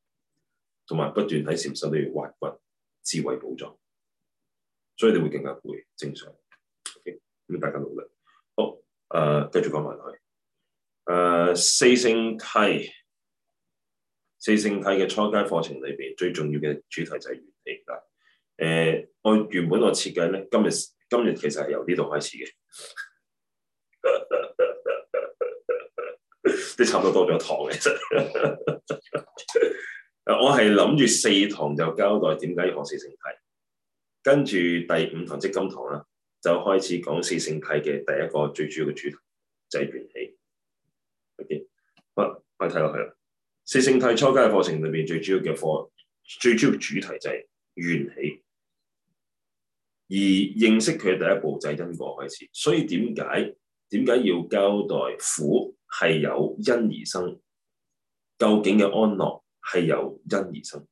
同埋不斷喺禪修都要挖掘。智慧寶藏，所以你會更加攰。正常。咁、okay. 大家努力。好，誒、呃，繼續講埋落去。誒、呃，四聖諦，四聖諦嘅初階課程裏邊最重要嘅主題就係緣起啦。誒、呃，我原本我設計咧，今日今日其實係由呢度開始嘅。 [laughs] 差唔多多咗堂嘅。 [laughs] 我係諗住四堂就交代點解要學四聖諦，跟住第五堂積金堂啦，就開始講四聖諦嘅第一個最主要嘅主題就係、是、緣起。OK，But, 我睇落去啦。四聖諦初階課程裏邊最主要嘅課，最主要主題就係緣起，而認識佢嘅第一步就係因果開始。所以點解點解要交代苦係有因而生，究竟嘅安樂係由因而生，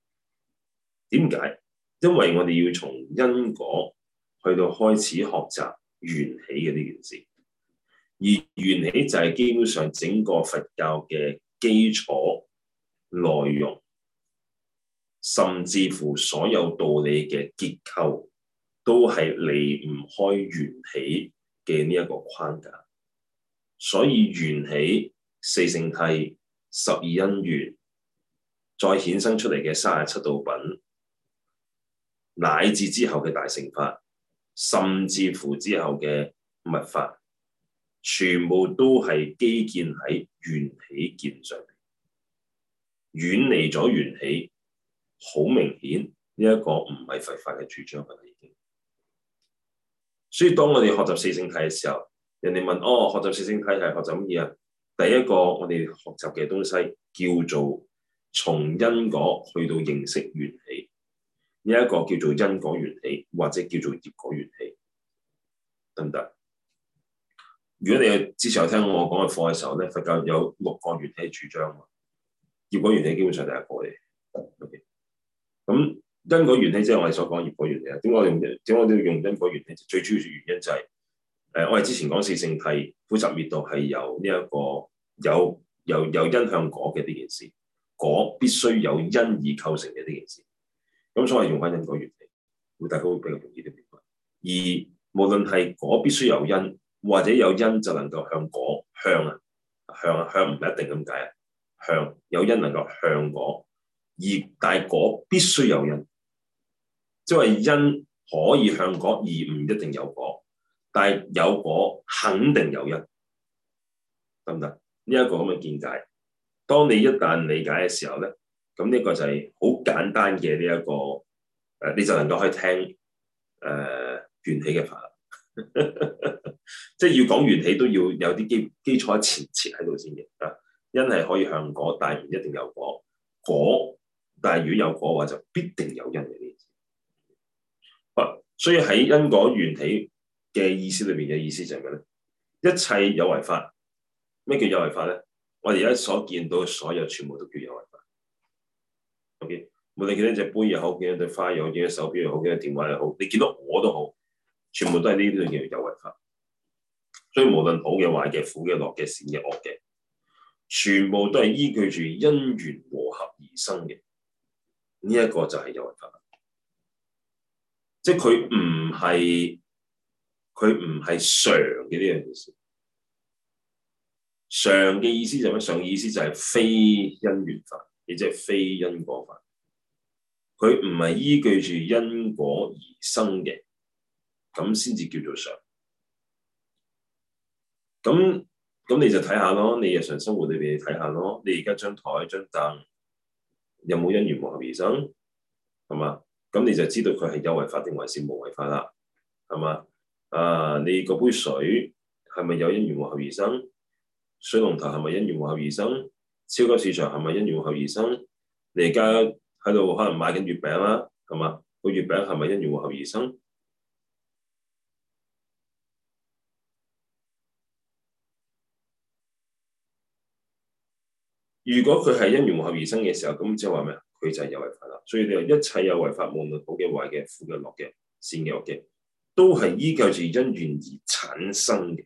點解？因為我哋要從因果去到開始學習緣起嘅呢件事，而緣起就係基本上整個佛教嘅基礎內容，甚至乎所有道理嘅結構都係離唔開緣起嘅呢一個框架。所以緣起、四聖諦、十二因緣。再衍生出嚟嘅三十七道品，乃至之後嘅大乘法，甚至乎之後嘅密法，全部都係基建喺緣起見上邊，遠離咗緣起，好明顯呢一個唔係佛法嘅主張啦，已經。所以當我哋學習四聖諦嘅時候，人哋問：哦，學習四聖諦係學習乜嘢啊？第一個我哋學習嘅東西叫做。從因果去到認識緣起，呢、這、一個叫做因果緣起，或者叫做業果緣起，得唔得？如果你之前有聽我講嘅課嘅時候咧，佛教有六個緣起主張嘛，業果緣起基本上第一個嚟。OK 咁因果緣起即係我哋所講嘅業果緣起。點解用點解要用因果緣起？最主要原因就係、是、誒、呃，我哋之前講四聖諦係苦集滅道係由呢一個有有有,有因向果嘅呢件事。果必須有因而構成嘅呢件事，先，咁所謂用翻因果原理，會大家會比較容易啲明白。而無論係果必須有因，或者有因就能夠向果向啊向向唔一定咁解啊，向有因能夠向果，而但係果必須有因，即係因可以向果，而唔一定有果，但係有果肯定有因，得唔得？呢一個咁嘅見解。當你一旦理解嘅時候咧，咁呢個就係好簡單嘅呢一個，誒你就能夠可以聽誒緣、呃、起嘅法， [laughs] 即係要講緣起都要有啲基基礎前設喺度先嘅啊，因係可以向果，但係唔一定有果。果但係如果有果嘅話，就必定有因嚟嘅。不，所以喺因果緣起嘅意思裏邊嘅意思就係咩咧？一切有為法，咩叫有為法咧？我而家所見到嘅所有全部都叫有為法。我見，無論見到隻杯又好，見到對花又好，見到手表又好，見到電話又好，你見到我都好，全部都係呢啲叫有為法。所以無論好嘅、壞嘅、苦嘅、樂嘅、善嘅、惡嘅，全部都係依據住因緣和合而生嘅。呢、這、一個就係有為法。即係佢唔係，佢唔係常嘅呢樣嘢。常嘅意，意思就係咩？常嘅意思就係非因緣法，亦即係非因果法。佢唔係依據住因果而生嘅，咁先至叫做常。咁咁你就睇下咯，你日常生活裏邊你睇下咯，你而家張台、張凳有冇因緣和合而生，係嘛？咁你就知道佢係有為法定還是冇為法啦，係嘛？啊、呃，你嗰杯水係咪有因緣和合而生？水龍頭係咪因緣和合而生？超級市場係咪因緣和合而生？你而家喺度可能買緊月餅啦，係嘛？個月餅係咪因緣和合而生？如果佢係因緣和合而生嘅時候，咁即係話咩？佢就係有為法啦。所以你話一切有為法，無論好嘅壞嘅、苦嘅樂嘅、善嘅惡嘅，都係依靠住因緣而產生嘅。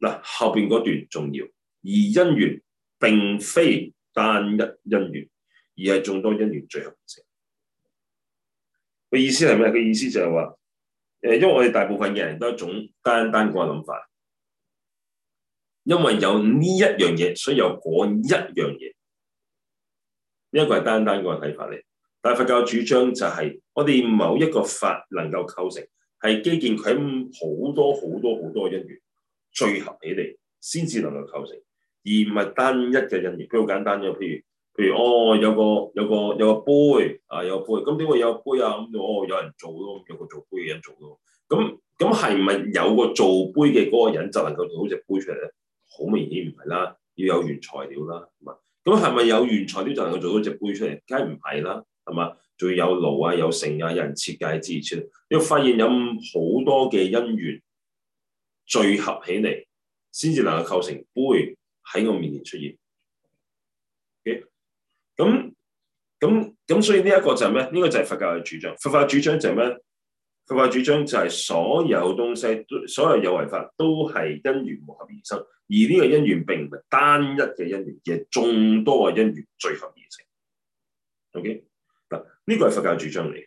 嗱，後邊嗰段重要，而因緣並非單一因緣，而係眾多因緣聚合成。個意思係咩？個意思就係話，誒，因為我哋大部分嘅人都一種單單個諗法，因為有呢一樣嘢，所以有嗰一樣嘢。呢一個係單單個睇法嚟，但佛教主張就係我哋某一個法能夠構成，係基建佢好多好多好多嘅因緣。聚合起嚟先至能夠構成，而唔係單一嘅因緣。佢好簡單啫，譬如譬如哦，有個有個有個杯啊，有個杯，咁點會有杯啊？咁就哦，有人做咯，有個做杯嘅人做咯。咁咁係咪有個做杯嘅嗰個人就能夠做到隻杯出嚟咧？好明顯唔係啦，要有原材料啦，係嘛？咁係咪有原材料就能夠做到隻杯出嚟？梗係唔係啦，係嘛？仲要有爐啊，有成啊，有啊有人設計之類之類、製造。你會發現有好多嘅因緣，聚合起嚟，先至能夠構成杯喺我面前出現，咁咁咁，所以呢一個就係咩？呢個就係佛教嘅主張。佛法主張就係咩？佛法主張就係所有東西，所有有為法都係因緣和合而生，而呢個因緣並唔係單一嘅因緣，而係眾多嘅因緣聚合而成。O K，嗱，呢個係佛教嘅主張嚟。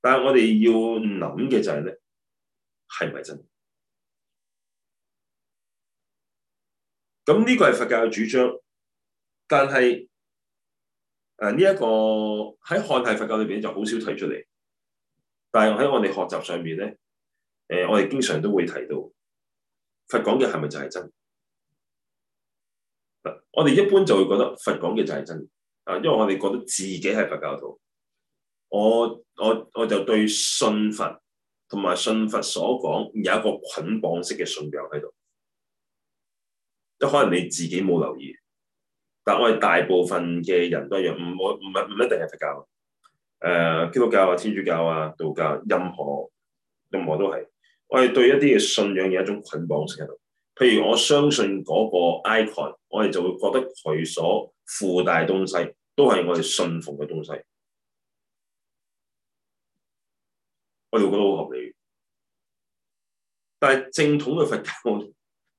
但係我哋要諗嘅就係咧，係咪真？咁呢個係佛教嘅主張，但係誒呢一個喺漢系佛教裏邊就好少提出嚟，但係喺我哋學習上面咧，誒、呃、我哋經常都會提到佛講嘅係咪就係真，啊？我哋一般就會覺得佛講嘅就係真，啊，因為我哋覺得自己係佛教徒，我我我就對信佛同埋信佛所講有一個捆綁式嘅信仰喺度。即可能你自己冇留意，但我哋大部分嘅人都一樣，唔冇唔係唔一定係佛教，誒、呃、基督教啊、天主教啊、道教，任何任何都係，我哋對一啲嘅信仰有一種捆綁性喺度。譬如我相信嗰個 icon，我哋就會覺得佢所附帶東西都係我哋信奉嘅東西，我哋會覺得好合理。但係正統嘅佛教，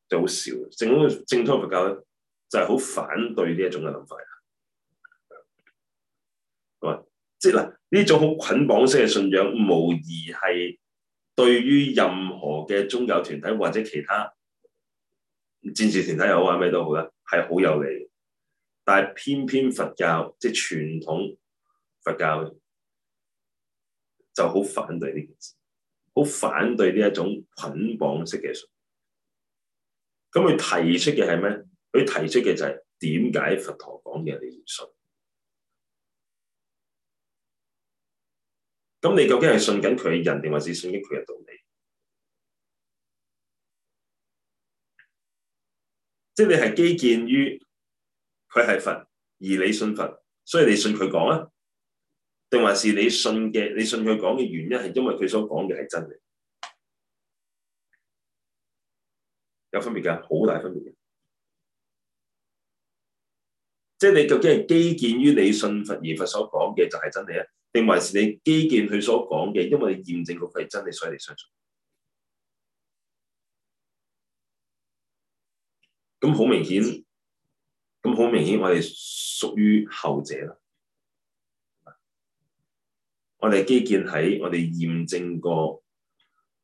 就好少，正正統佛教咧就係好反對呢一種嘅諗法。咁、就、啊、喂，即係嗱，呢種好捆綁式嘅信仰，無疑係對於任何嘅宗教團體或者其他戰士團體又好，玩咩都好咧，係好有利。但係偏偏佛教即係傳統佛教就好反對呢件事，好反對呢一種捆綁式嘅信咁佢提出嘅係咩？佢提出嘅就係點解佛陀講嘅你要信？咁你究竟係信緊佢嘅人定還是信緊佢嘅道理？即係你係基建於佢係佛，而你信佛，所以你信佢講啊？定還是你信嘅？你信佢講嘅原因係因為佢所講嘅係真嘅？有分別嘅，好大分別嘅。即係你究竟係基建於你信佛而佛所講嘅就係真理呀，定還是你基建佢所講嘅？因為你驗證過佢係真理，所以你相信。咁好明顯，咁好明顯，我哋屬於後者啦。我哋基建喺我哋驗證過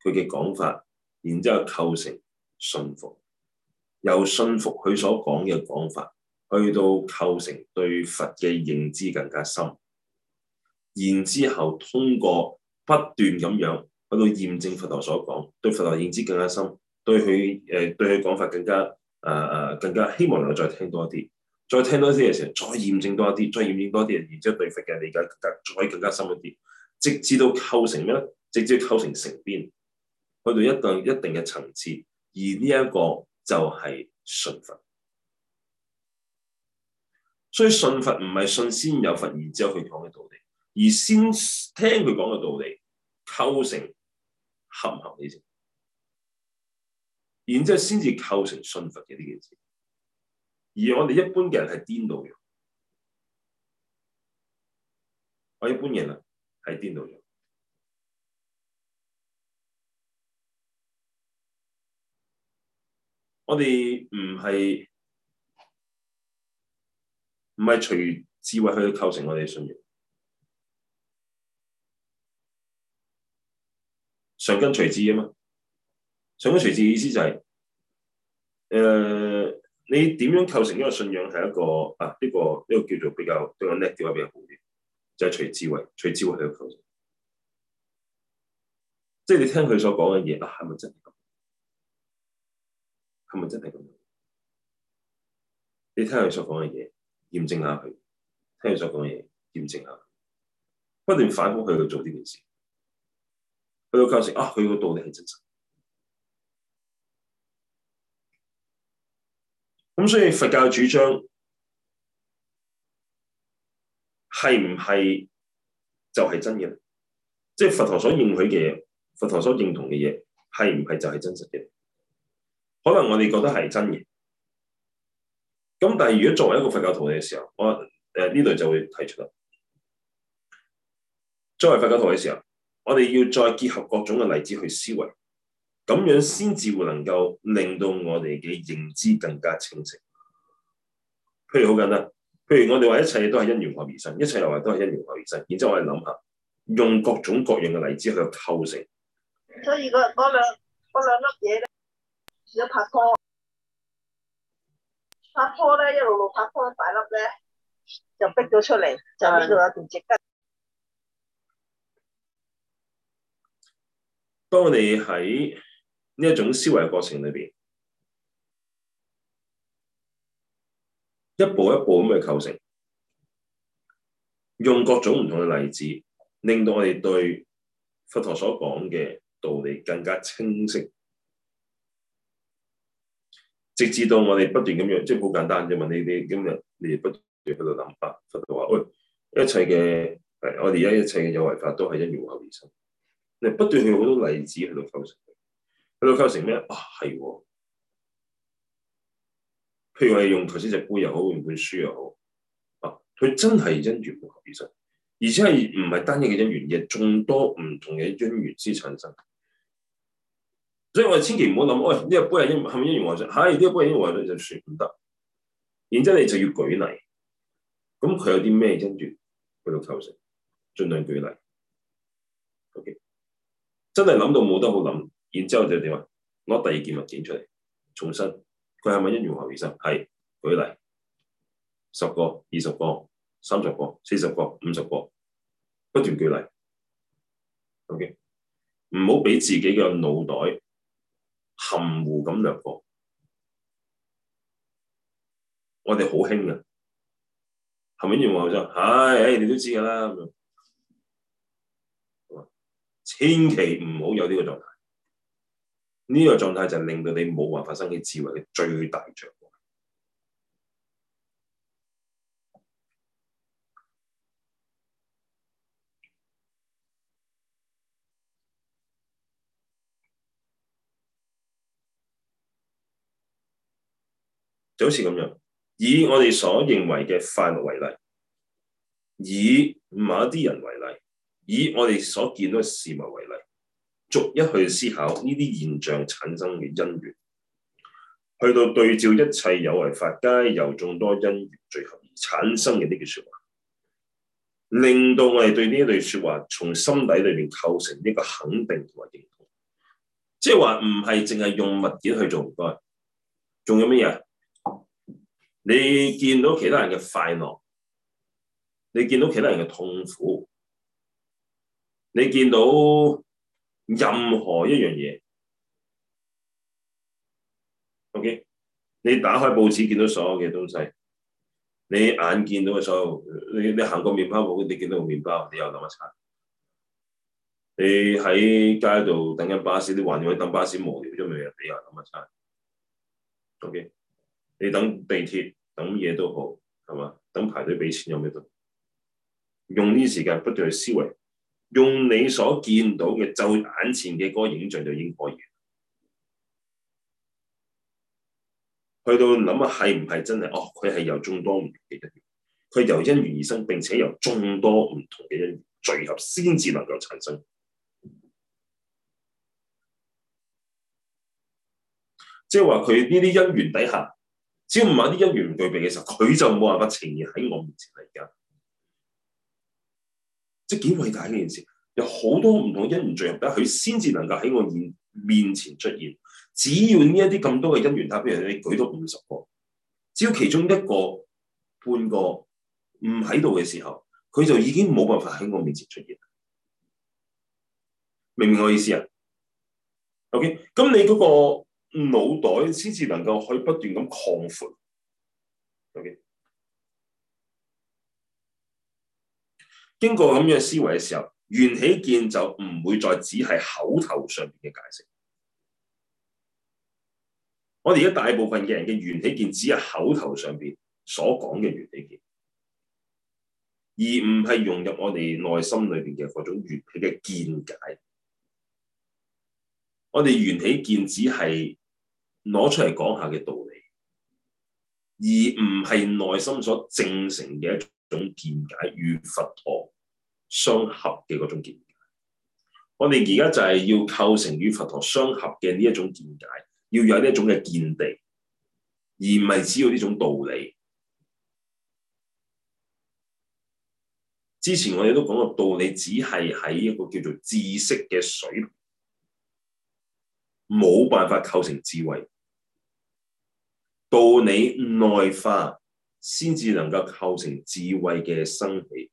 佢嘅講法，然之後構成。信服，又信服佢所講嘅講法，去到構成對佛嘅認知更加深，然之後通過不斷咁樣去到驗證佛陀所講，對佛陀認知更加深，對佢誒、呃、對佢講法更加誒誒、呃、更加希望能夠再聽多啲，再聽多啲嘅時候，再驗證多一啲，再驗證多啲，然之後對佛嘅理解更加再更加深一啲，直至到構成咩咧？直至構成成邊？去到一個一定嘅層次。而呢一個就係信佛，所以信佛唔係信先有佛，然之後佢講嘅道理，而先聽佢講嘅道理構成合唔合理性，然之後先至構成信佛嘅呢件事。而我哋一般嘅人係顛倒咗，我一般嘅人係顛倒咗。我哋唔係，唔係隨智慧去構成我哋嘅信仰，上根隨智啊嘛。上根隨智嘅意思就係誒、呃，你點樣構成一個信仰係一個啊？呢個呢個叫做比較比較叻嘅話比較好啲，就係隨智慧，隨智慧去構成。即係你聽佢所講嘅嘢，嗱係咪真係咁？係咪真係咁樣？你聽佢所講嘅嘢，驗證下佢；聽佢所講嘅嘢，驗證下。不斷反覆佢去做呢件事，佢到教城啊，佢個道理係真實。咁所以佛教主張係唔係就係真嘅？即係佛陀所認可嘅嘢，佛陀所認同嘅嘢，係唔係就係真實嘅？可能我哋覺得係真嘅，咁但係如果作為一個佛教徒嘅時候，我誒呢度就會提出啦。作為佛教徒嘅時候，我哋要再結合各種嘅例子去思維，咁樣先至會能夠令到我哋嘅認知更加清晰。譬如好簡單，譬如我哋話一切都係因緣合而生，一切落嚟都係因緣合而生，然之後我哋諗下，用各種各樣嘅例子去構成。所以個嗰兩嗰兩粒嘢如拍拖，拍拖咧，一路路拍拖，一大粒咧，就逼咗出嚟，的就變到一段值得。當你喺呢一種思維過程裏邊，一步一步咁去構成，用各種唔同嘅例子，令到我哋對佛陀所講嘅道理更加清晰。直至到我哋不斷咁樣，即係好簡單啫嘛？你哋今日，你哋不斷喺度諗法，佛就話：喂，一切嘅，我哋而家一切嘅有為法都係因緣合而生。你不斷去好多例子喺度構成，喺度構成咩？啊，係。譬如我哋用頭先隻杯又好，用本書又好，啊，佢真係因緣合而生，而且係唔係單一嘅因緣，而眾多唔同嘅因緣之產生。所以我千祈唔好諗，喂、哎、呢一杯係英係咪因緣合成？係、哎、呢一杯係因緣咧就算唔得。然之後你就要舉例，咁佢有啲咩跟住去到構成？盡量舉例。O.K. 真係諗到冇得好諗，然之後就點啊？攞第二件物件出嚟，重新佢係咪因緣合成？係舉例，十個、二十個、三十個、四十個、五十個，不斷舉例。O.K. 唔好俾自己嘅腦袋含糊咁掠過，我哋好興嘅。後面葉茂生，唉、哎、你都知噶啦，千祈唔好有呢個狀態。呢、這個狀態就令到你冇辦法生起智慧嘅最大障礙。就好似咁樣，以我哋所認為嘅快樂為例，以某一啲人為例，以我哋所見到嘅事物為例，逐一去思考呢啲現象產生嘅因緣，去到對照一切有為法皆由眾多因緣聚合而產生嘅呢句說話，令到我哋對呢一類說話從心底裏邊構成一個肯定同埋認同，即係話唔係淨係用物件去做唔該，仲有乜嘢啊？你見到其他人嘅快樂，你見到其他人嘅痛苦，你見到任何一樣嘢，O.K.，你打開報紙見到所有嘅東西，你眼見到嘅所有，你你行過麵包鋪，你見到個麵包，你又諗一餐；你喺街度等緊巴士，你還以為等巴士無聊咗未啊？你又諗一餐。O.K.，你等地鐵。等嘢都好，係嘛？等排隊俾錢有咩用？用呢時間不斷去思維，用你所見到嘅、就眼前嘅嗰個影像就已經可以。去到諗下係唔係真係？哦，佢係由眾多唔同嘅，佢由因緣而生，並且由眾多唔同嘅因緣聚合先至能夠產生。即係話佢呢啲因緣底下。只要唔係某啲因緣唔具備嘅時候，佢就冇辦法呈現喺我面前嚟噶。即係幾偉大呢件事，有好多唔同因緣聚合，佢先至能夠喺我面面前出現。只要呢一啲咁多嘅因緣搭配嘅嘢，譬如你舉到五十個。只要其中一個、半個唔喺度嘅時候，佢就已經冇辦法喺我面前出現。明唔明我意思啊？OK，咁你嗰個。腦袋先至能夠去不斷咁擴闊。OK，經過咁樣思維嘅時候，緣起見就唔會再只係口頭上邊嘅解釋。我哋而家大部分嘅人嘅緣起見，只係口頭上邊所講嘅緣起見，而唔係融入我哋內心裏邊嘅嗰種緣起嘅見解。我哋緣起見只係。攞出嚟講下嘅道理，而唔係內心所證成嘅一種見解與佛陀相合嘅嗰種見解。我哋而家就係要構成與佛陀相合嘅呢一種見解，要有呢一種嘅見地，而唔係只要呢種道理。之前我哋都講過，道理只係喺一個叫做知識嘅水平，冇辦法構成智慧。道理內化先至能夠構成智慧嘅生起，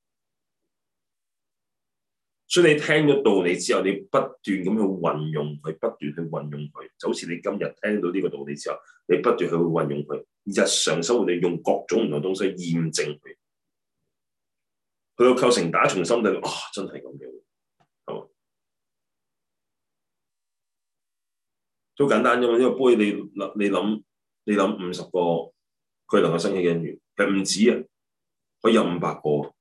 所以你聽咗道理之後，你不斷咁去運用佢，不斷去運用佢，就好似你今日聽到呢個道理之後，你不斷去去運用佢，日常生活你用各種唔同東西驗證佢，佢個構成打從心底，啊、就是哦，真係咁樣，係嘛，好簡單啫嘛，呢個杯你諗，你諗。你你諗五十個夠，佢能夠生起嘅因緣，係唔止啊，可以有五百個。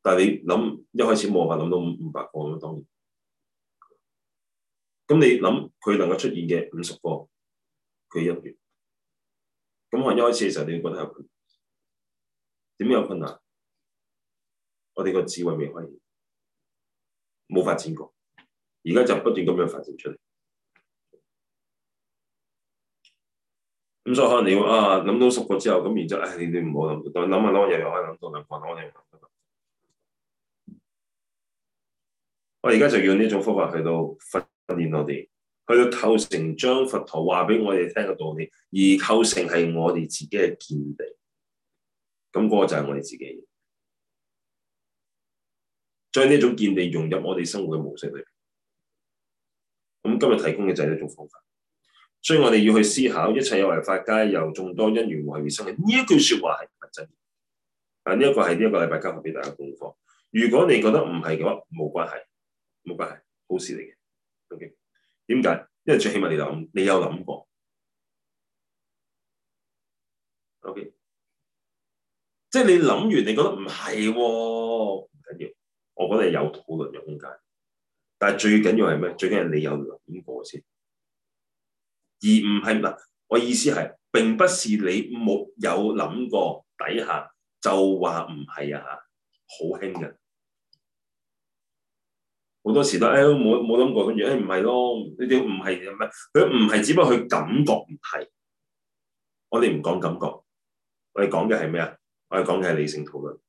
但係你諗一開始冇辦法諗到五五百個咁，當然。咁你諗佢能夠出現嘅五十個佢因緣，咁可能一開始嘅時候你會覺得係點樣有困難。我哋個智慧未可以，冇發展過，而家就不斷咁樣發展出嚟。咁所以可能你要啊諗到十個之後，咁然之後誒、哎，你哋唔好諗，再諗下諗，又又可以諗到兩我哋我而家就用呢種方法去到訓練我哋，去到構成將佛陀話俾我哋聽嘅道理，而構成係我哋自己嘅見地，咁、那、嗰個就係我哋自己，將呢種見地融入我哋生活嘅模式裏邊。咁今日提供嘅就係一種方法。所以我哋要去思考，一切有為法，皆由眾多因緣和合而生嘅呢一句説話係唔係真？啊，呢一個係呢一個禮拜交俾大家功課。如果你覺得唔係嘅話，冇關係，冇關係，好事嚟嘅。O K，點解？因為最起碼你諗，你有諗過。O K，即係你諗完，你覺得唔、哦、係喎，唔緊要。我覺得有討論嘅空間。但係最緊要係咩？最緊要係你有諗過先。而唔係嗱，我意思係並不是你冇有諗過底下就話唔係啊嚇，好輕嘅，好多時都誒冇冇諗過咁樣，誒唔係咯，呢啲唔係咩？佢唔係只不過佢感覺唔係，我哋唔講感覺，我哋講嘅係咩啊？我哋講嘅係理性討論。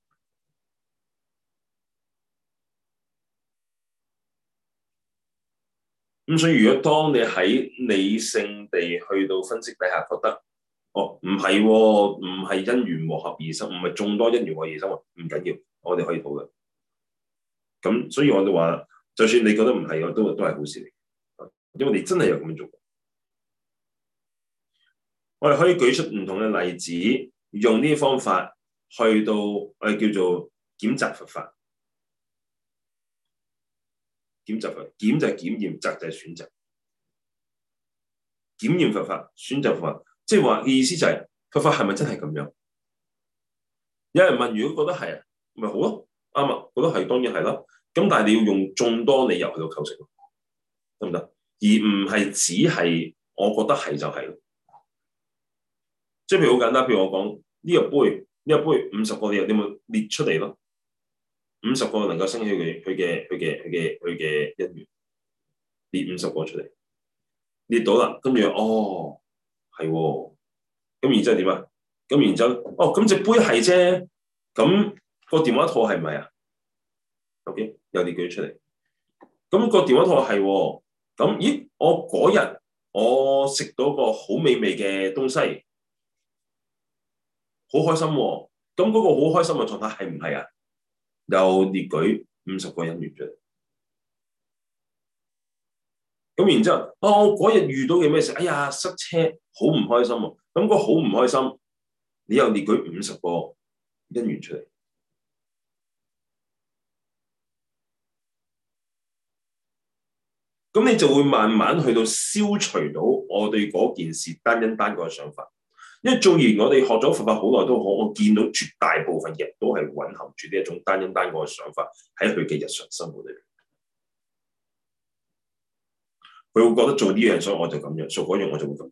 咁所以如果當你喺理性地去到分析底下，覺得哦唔係，唔係、哦、因緣和合而生，唔係眾多因緣和合而生，唔緊要，我哋可以討論。咁所以我哋話，就算你覺得唔係嘅，都都係好事嚟。因為你真係有咁樣做。我哋可以舉出唔同嘅例子，用呢啲方法去到我哋叫做檢擇佛法。檢就係檢驗，擇就係選擇。檢驗佛法，選擇佛法，即係話意思就係、是、佛法係咪真係咁樣？有人問，如果覺得係咪好咯？啊，啱啊，覺得係當然係啦。咁但係你要用眾多理由去到求成咯，得唔得？而唔係只係我覺得係就係、是、咯。即係譬如好簡單，譬如我講呢、這個杯，呢、這個杯五十個理由，你咪列出嚟咯。五十個能夠升起佢佢嘅佢嘅佢嘅佢嘅因緣，列五十個出嚟，列到啦，跟住哦，係，咁然之後點啊？咁然之後，哦，咁隻、哦哦哦、杯係啫，咁、嗯、個電話套係咪啊？OK，又列佢出嚟，咁、嗯、個電話套係，咁、嗯嗯嗯、咦，我嗰日我食到個好美味嘅東西，好開心、哦，咁、嗯、嗰、那個好開心嘅狀態係唔係啊？又列舉五十個因緣出嚟，咁然之後，哦，嗰日遇到嘅咩事？哎呀，塞車，好唔開心啊！咁個好唔開心，你又列舉五十個因緣出嚟，咁你就會慢慢去到消除到我對嗰件事單因單果嘅想法。因為做完我哋學咗佛法好耐都好，我見到絕大部分人都係蘊含住呢一種單因單果嘅想法喺佢嘅日常生活裏邊。佢會覺得做呢樣，所以我就咁樣，做嗰樣，我就會咁樣。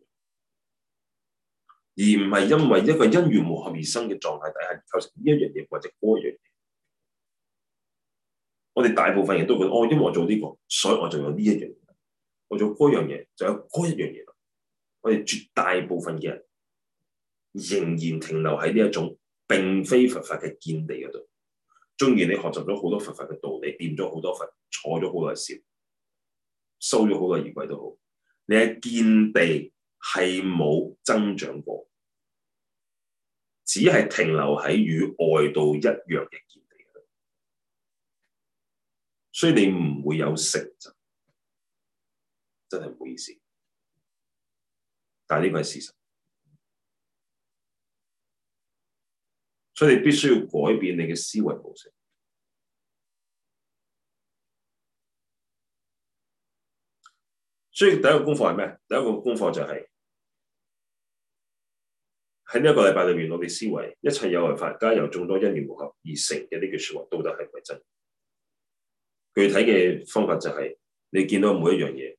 而唔係因為一個因緣和合而生嘅狀態底下，構成呢一樣嘢，或者嗰樣嘢。我哋大部分人都會，哦，因為我做呢個，所以我就有呢一樣嘢。我做嗰樣嘢就有嗰一樣嘢。我哋絕大部分嘅人。仍然停留喺呢一種並非佛法嘅見地嗰度，縱然你學習咗好多佛法嘅道理，念咗好多佛，坐咗好耐禪，收咗好多儀軌都好，你嘅見地係冇增長過，只係停留喺與外道一樣嘅見地嗰度，所以你唔會有成就，真係唔好意思，但係呢個係事實。所以你必須要改變你嘅思維模式。所以第一個功課係咩？第一個功課就係喺呢一個禮拜裏面，我哋思維一切有為法，皆由眾多因緣和合而成嘅呢句説話，到底係咪真？具體嘅方法就係、是、你見到每一樣嘢，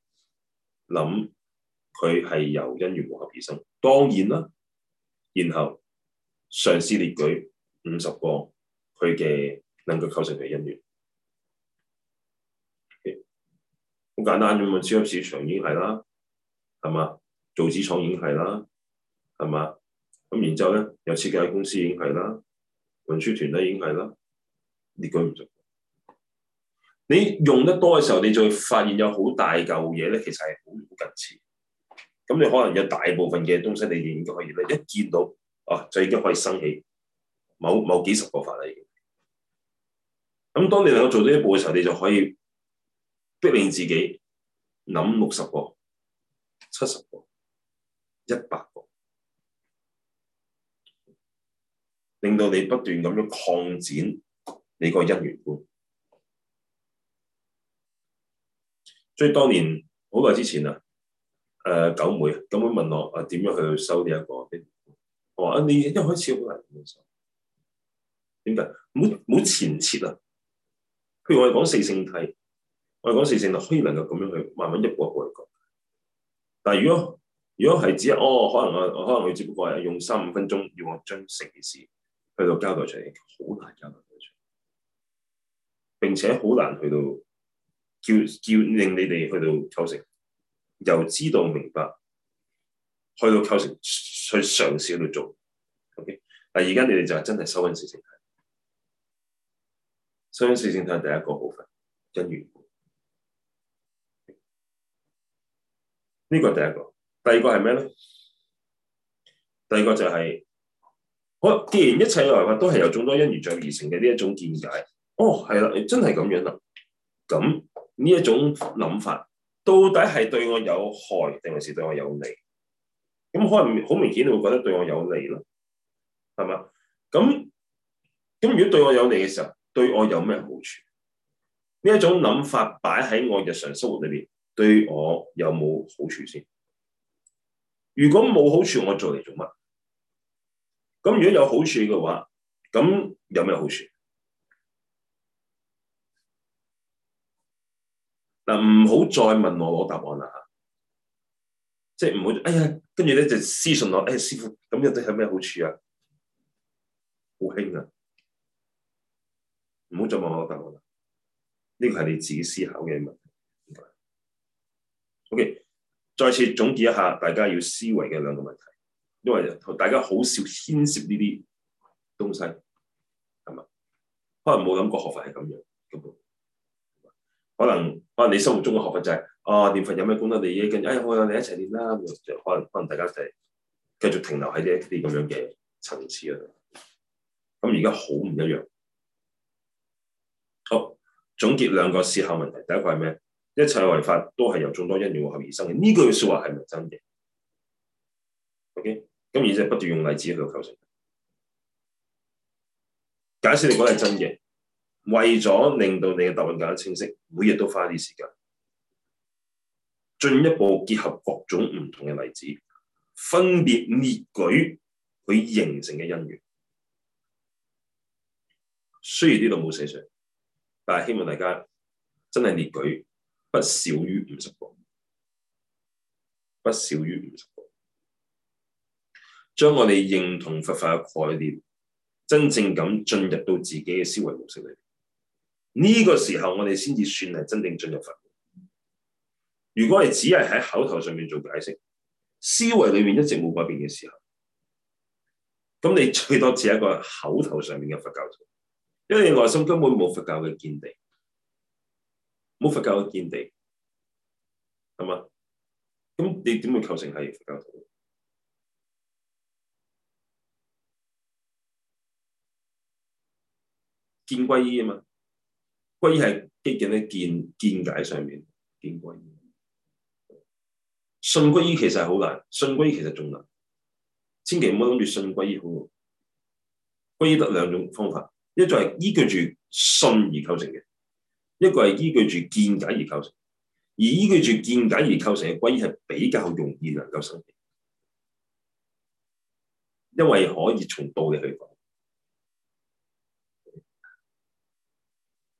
諗佢係由因緣和合而生，當然啦。然後嘗試列舉。五十個佢嘅能夠構成嘅因緣，好、okay. 簡單咁嘛！超級市場已經係啦，係嘛？造紙廠已經係啦，係嘛？咁然之後咧，又設計公司已經係啦，運輸團咧已經係啦，列舉唔足。你用得多嘅時候，你就會發現有好大嚿嘢咧，其實係好好近似。咁你可能有大部分嘅東西，你哋已經可以咧，一見到啊，就已經可以生起，某某幾十個法例，咁、嗯、當你能夠做到一步嘅時候，你就可以逼令自己諗六十個、七十個、一百個，令到你不斷咁樣擴展你個因緣觀。所以當年好耐之前、呃、啊，誒九妹咁樣問我啊，點樣去收呢、這、一個？我話啊，你一開始好難。點解？唔好唔好前設啊！譬如我哋講四聖諦，我哋講四聖諦可以能夠咁樣去慢慢一步一步嚟講。但係如果如果係指，哦，可能我我可能我只不過係用三五分鐘，要我將成件事去到交代出嚟，好難交代得出，並且好難去到叫叫令你哋去到構成，由知道明白去到構成去嘗試去，去做。O、okay? K. 但而家你哋就係真係收緊四聖諦。所以先睇第一個部分，因緣，呢個係第一個。第二個係咩咧？第二個就係、是，我既然一切有為法都係由眾多因緣聚而成嘅呢一種見解，哦，係啦，真係咁樣啦、啊。咁呢一種諗法到底係對我有害定還是對我有利？咁可能好明顯你會覺得對我有利咯，係嘛？咁咁如果對我有利嘅時候？對我有咩好處？呢一種諗法擺喺我日常生活裏邊，對我有冇好處先？如果冇好處，我做嚟做乜？咁如果有好處嘅話，咁有咩好處？嗱，唔好再問我攞答案啦吓，即係唔好哎呀，跟住咧就私信我，誒、哎，師傅咁有啲有咩好處好啊？好興啊！唔好再問我答案啦，呢個係你自己思考嘅問題。OK，再次總結一下，大家要思維嘅兩個問題，因為大家好少牽涉呢啲東西，係咪？可能冇諗過學佛係咁樣根本，可能可能你心目中嘅學佛就係啊念佛有咩功德利益，跟住哎好啊，你、就是啊啊你，哎、你一齊練啦。就可能可能大家一齊繼續停留喺呢一啲咁樣嘅層次嗰度，咁而家好唔一樣。好，總結兩個思考問題，第一個係咩？一切有為法都係由眾多因緣和合而生嘅，呢句說話係唔係真嘅？OK，咁而且不斷用例子去構成，假設你講係真嘅，為咗令到你嘅答案更加清晰，每日都花啲時間，進一步結合各種唔同嘅例子，分別列舉佢形成嘅因緣。雖然呢度冇寫上。但係希望大家真係列舉不少於五十個，不少於五十個，將我哋認同佛法嘅概念，真正咁進入到自己嘅思維模式裏邊。呢個時候我哋先至算係真正進入佛門。如果你只係喺口頭上面做解釋，思維裏面一直冇改變嘅時候，咁你最多只係一個口頭上面嘅佛教徒。因為你內心根本冇佛教嘅見地，冇佛教嘅見地，係嘛？咁你點會構成係佛教徒？見歸依啊嘛，歸依係基點喺見見解上面，見歸依。信歸依其實係好難，信歸依其實仲難，千祈唔好諗住信歸依好。歸依得兩種方法。一個係依據住信而構成嘅，一個係依據住見解而構成，而依據住見解而構成嘅歸係比較容易能夠生起，因為可以從道理去講。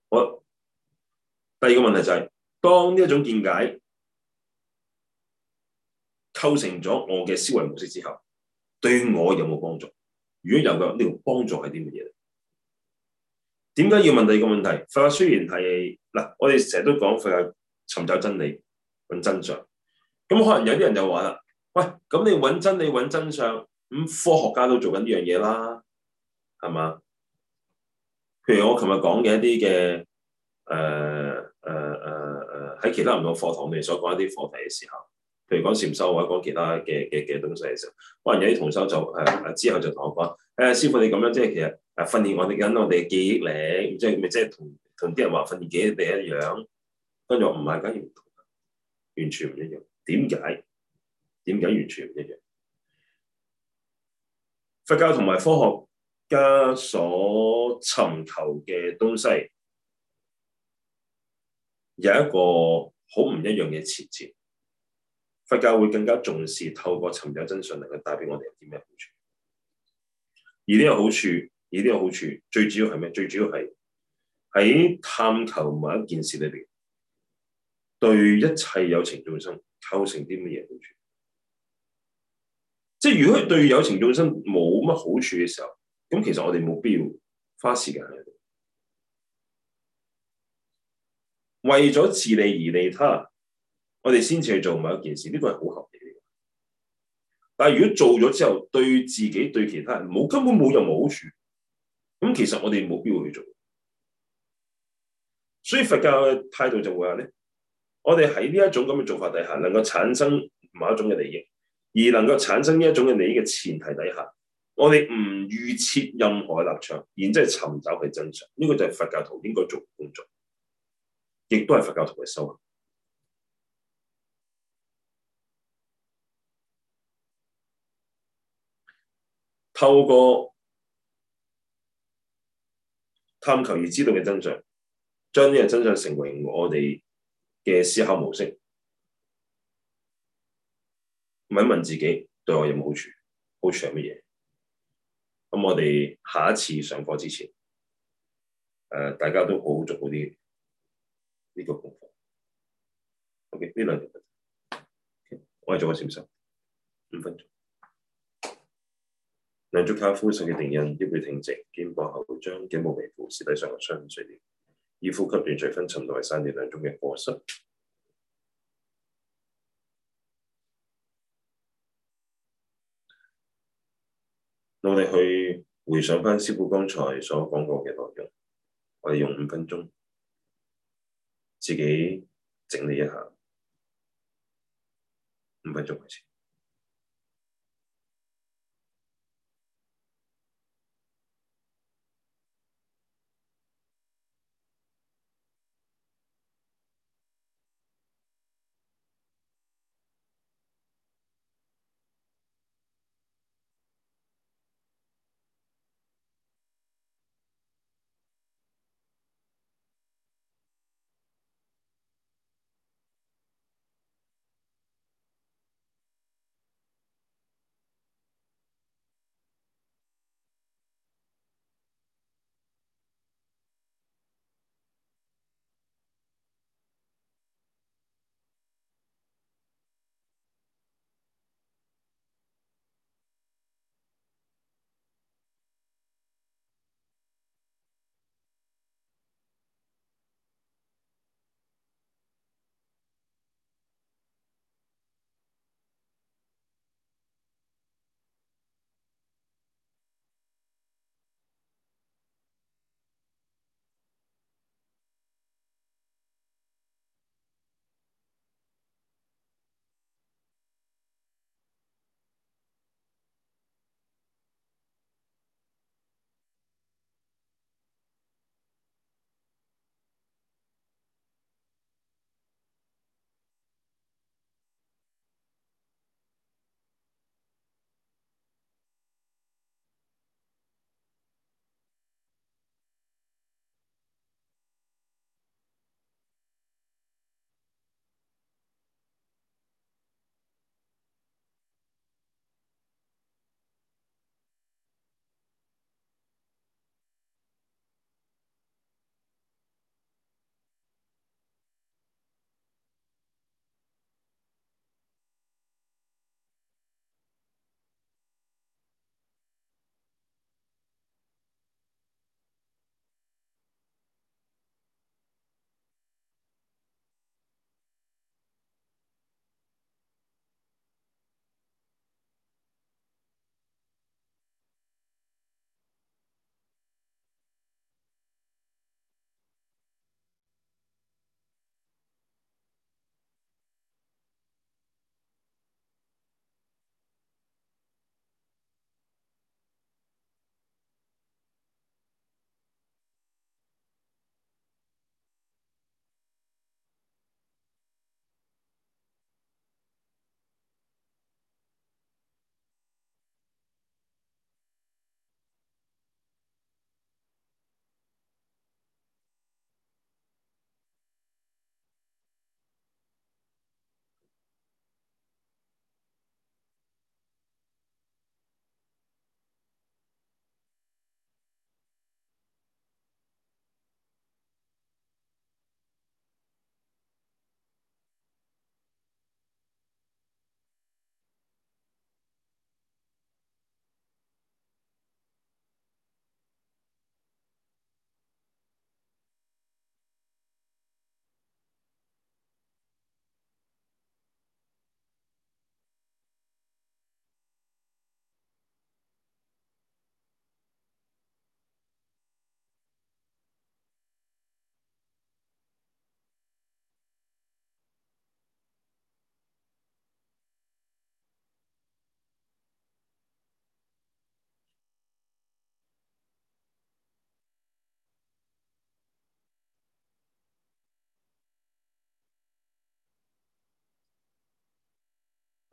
我第二個問題就係、是，當呢一種見解構成咗我嘅思維模式之後，對我有冇幫助？如果有嘅，這個、幫呢個幫助係啲乜嘢？點解要問第二個問題？佛教雖然係嗱，我哋成日都講佛教尋找真理、揾真相。咁、嗯、可能有啲人就話啦：，喂，咁你揾真理、揾真相，咁、嗯、科學家都做緊呢樣嘢啦，係嘛？譬如我琴日講嘅一啲嘅誒誒誒誒，喺、呃呃呃、其他唔同課堂裏面所講一啲課題嘅時候。譬如講禪修或者講其他嘅嘅嘅東西嘅時候，可能有啲同修就誒之後就同我講：誒、哎、師傅你咁樣，即係其實誒訓練我哋緊，我哋嘅記憶力，即係咪即係同同啲人話訓練記憶力一樣？跟住我唔係，梗完全唔一樣。點解？點解完全唔一樣？佛教同埋科學家所尋求嘅東西有一個好唔一樣嘅前設。佛教會更加重視透過尋找真相，能夠帶俾我哋一啲咩好處？而呢個好處，而呢個好處，最主要係咩？最主要係喺探求某一件事裏邊，對一切有情眾生構成啲乜嘢好處？即係如果對有情眾生冇乜好處嘅時候，咁其實我哋冇必要花時間喺度，為咗自利而利他，我哋先至去做某一件事，呢個係好合理嘅。但係如果做咗之後，對自己對其他人冇根本冇任何好處，咁其實我哋冇必要去做。所以佛教嘅態度就會話咧，我哋喺呢一種咁嘅做法底下，能夠產生某一種嘅利益，而能夠產生呢一種嘅利益嘅前提底下，我哋唔預設任何立場，然之後尋找佢真相，呢個就係佛教徒應該做嘅工作，亦都係佛教徒嘅修行。透過探求而知道嘅真相，將呢個真相成為我哋嘅思考模式。問一問自己，對我有冇好處？好處係乜嘢？咁我哋下一次上課之前，誒、呃，大家都好好做好啲呢、這個功課。O.K. 呢兩點，我哋做個小休五分鐘。兩足靠夫，手嘅定印，腰背挺直，肩膀後張，頸部微扶，舌底上顎雙垂簾。而呼吸練序分沉到嚟三點兩鐘嘅課室。我哋去回想翻師傅剛才所講過嘅內容，我哋用五分鐘，自己整理一下，五分鐘開始。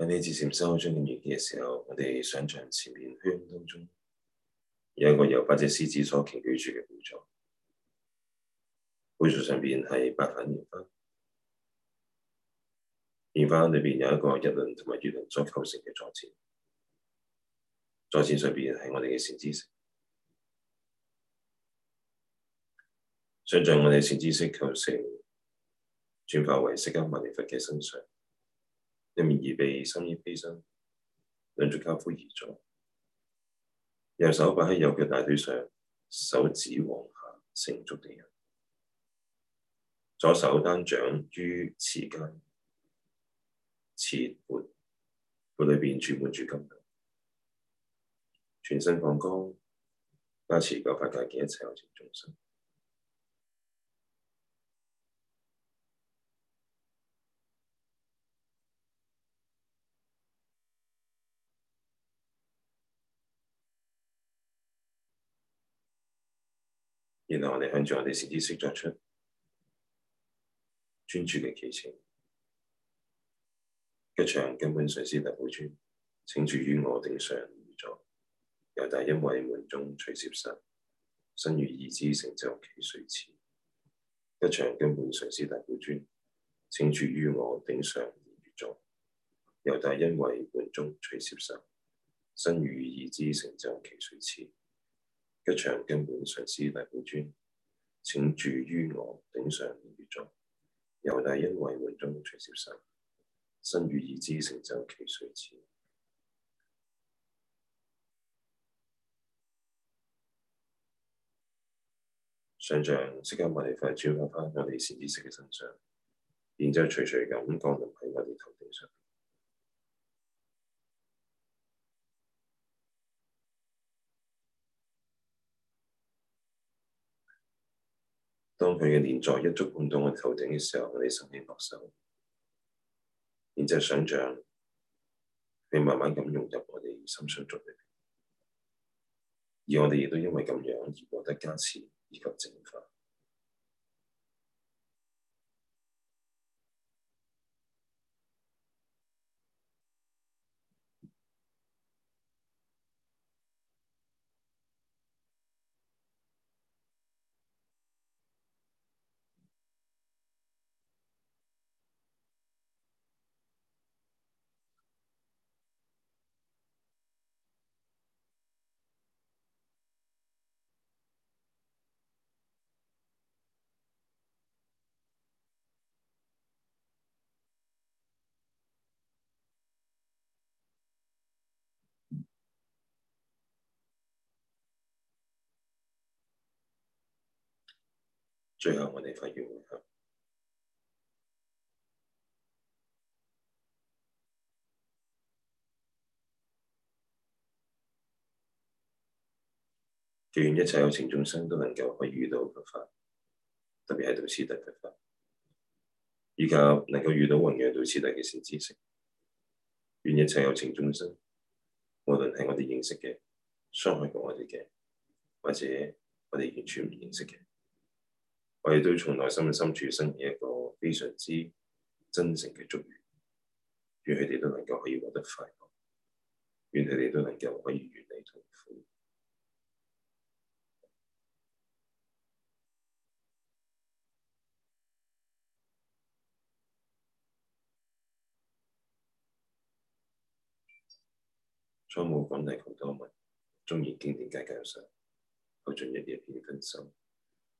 喺你漸漸收將嘅物件嘅時候，我哋想像前面圈當中、嗯、有一個由八隻獅子所棲居住嘅寶座，寶座上邊係八瓣蓮花，蓮花裏邊有一個日輪同埋月輪所構成嘅在線，在線上邊係我哋嘅善知識，想像我哋善知識構成轉化為釋迦牟尼佛嘅身上。一面二臂，深衣披身，兩足交叉而坐，右手擺喺右腳大腿上，手指往下成觸地印，左手單掌於臍間，臍缽，缽裏邊注滿住金光，全身放光，光，加持九法界的一切有情眾生。然後我哋向住我哋善知識作出專注嘅祈請，一場根本上師大寶尊請住於我頂上而坐，又大因位門中取攝受，身與意之成就其水池。」一場根本上師大寶尊請住於我頂上而坐，又大因位門中取攝受，身與意之成就其水池。一場根本上師大寶尊，請住於我頂上，月中由大恩惠會中取接受，身如易知成就其瑞智。上上即刻把你快轉返返我哋善知識嘅身上，然之後隨隨咁降臨喺我哋頭當佢嘅連載一觸碰到我頭頂嘅時候，我哋伸起右手，然之後想像佢慢慢咁融入我哋心相續裏，而我哋亦都因為咁樣而獲得加持以及淨化。最後我，我哋發願回向，願一切有情眾生都能夠可以遇到佛法，特別係道次第佛法，以及能夠遇到永養道次第嘅善知識。願一切有情眾生，無論係我哋認識嘅、傷害過我哋嘅，或者我哋完全唔認識嘅。我哋都從內心嘅深處，生起一個非常之真誠嘅祝願，願佢哋都能夠可以獲得快樂，願佢哋都能夠可以遠離痛苦。初冇講嘅好多戒戒戒，我哋中意經典偈偈上，去進一步一啲分析。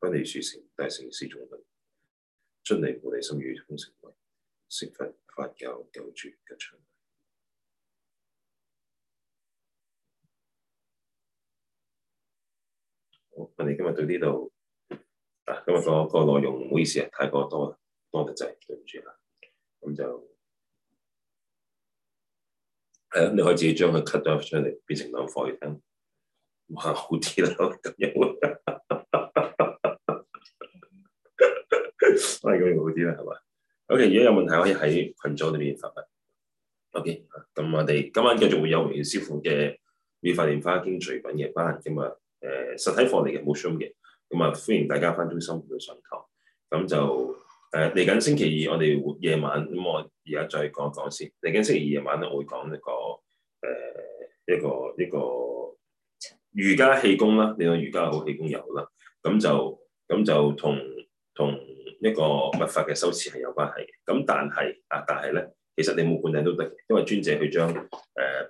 分離樹成大城市中，鼓分尊尼菩提心與空性為食分法教教主嘅場。好，我哋今日到呢度。嗱、啊，今日講、那個內、那個、容，唔好意思啊，太過多，多得滯，對唔住啦。咁就誒，你可以自己將佢 cut 咗出嚟，變成兩課嚟聽，哇，好啲啦，咁樣會。 [laughs] 我哋咁樣會好啲啦，係嘛？OK，如果有問題可以喺群組裏面發問。OK，咁我哋今晚繼續會有楊師傅嘅《妙法蓮華經》序品嘅班。咁啊，誒、呃，實體課嚟嘅，冇 Zoom 嘅。咁、嗯、啊，歡迎大家翻中心去上堂。咁就誒、嚟、呃、緊星期二我哋夜晚。咁我而家再講一講先。嚟緊星期二夜晚咧，我會講一個誒、呃，一個一個瑜伽氣功啦。你講瑜伽好，氣功又好啦。咁就咁就同同。呢個物法嘅修持係有關係嘅，咁但係啊，但係咧，其實你冇灌頂都得，因為尊者佢將誒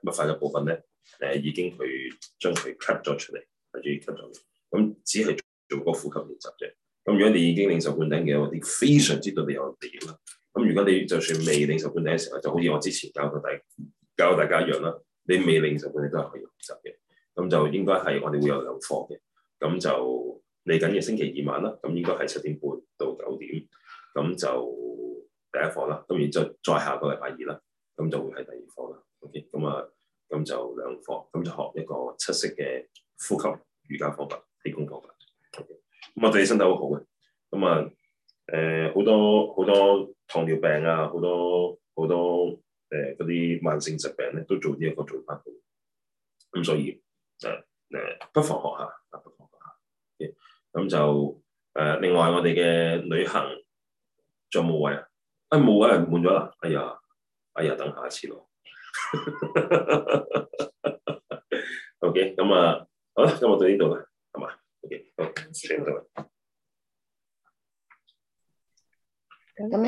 物法嘅部分咧誒、呃、已經去將佢 cut 咗出嚟，係注意 cut 咗。咁只係做嗰個呼吸練習啫。咁如果你已經領受灌頂嘅話，你非常之對你有利益啦。咁如果你就算未領受灌頂嘅時候，就好似我之前教過大教大家一樣啦，你未領受灌頂都係可以練習嘅。咁就應該係我哋會有兩課嘅，咁就。嚟緊嘅星期二晚啦，咁應該係七點半到九點，咁就第一課啦。咁然之後再下個禮拜二啦，咁就會係第二課啦。OK，咁啊，咁就兩課，咁就學一個七式嘅呼吸瑜伽方法，氣功方法。OK，咁我對你身體好好嘅。咁啊，誒、呃、好多好多糖尿病啊，好多好多誒嗰啲慢性疾病咧，都做呢一個做法嘅。咁所以誒誒、呃呃，不妨學下。咁就誒、呃，另外我哋嘅旅行仲冇位啊？誒冇位啊，換咗啦！哎呀，哎呀，等下一次咯。 [laughs] OK，咁啊，好啦，咁我到呢度啦，係嘛？OK，好、okay, okay，咁、嗯、樣。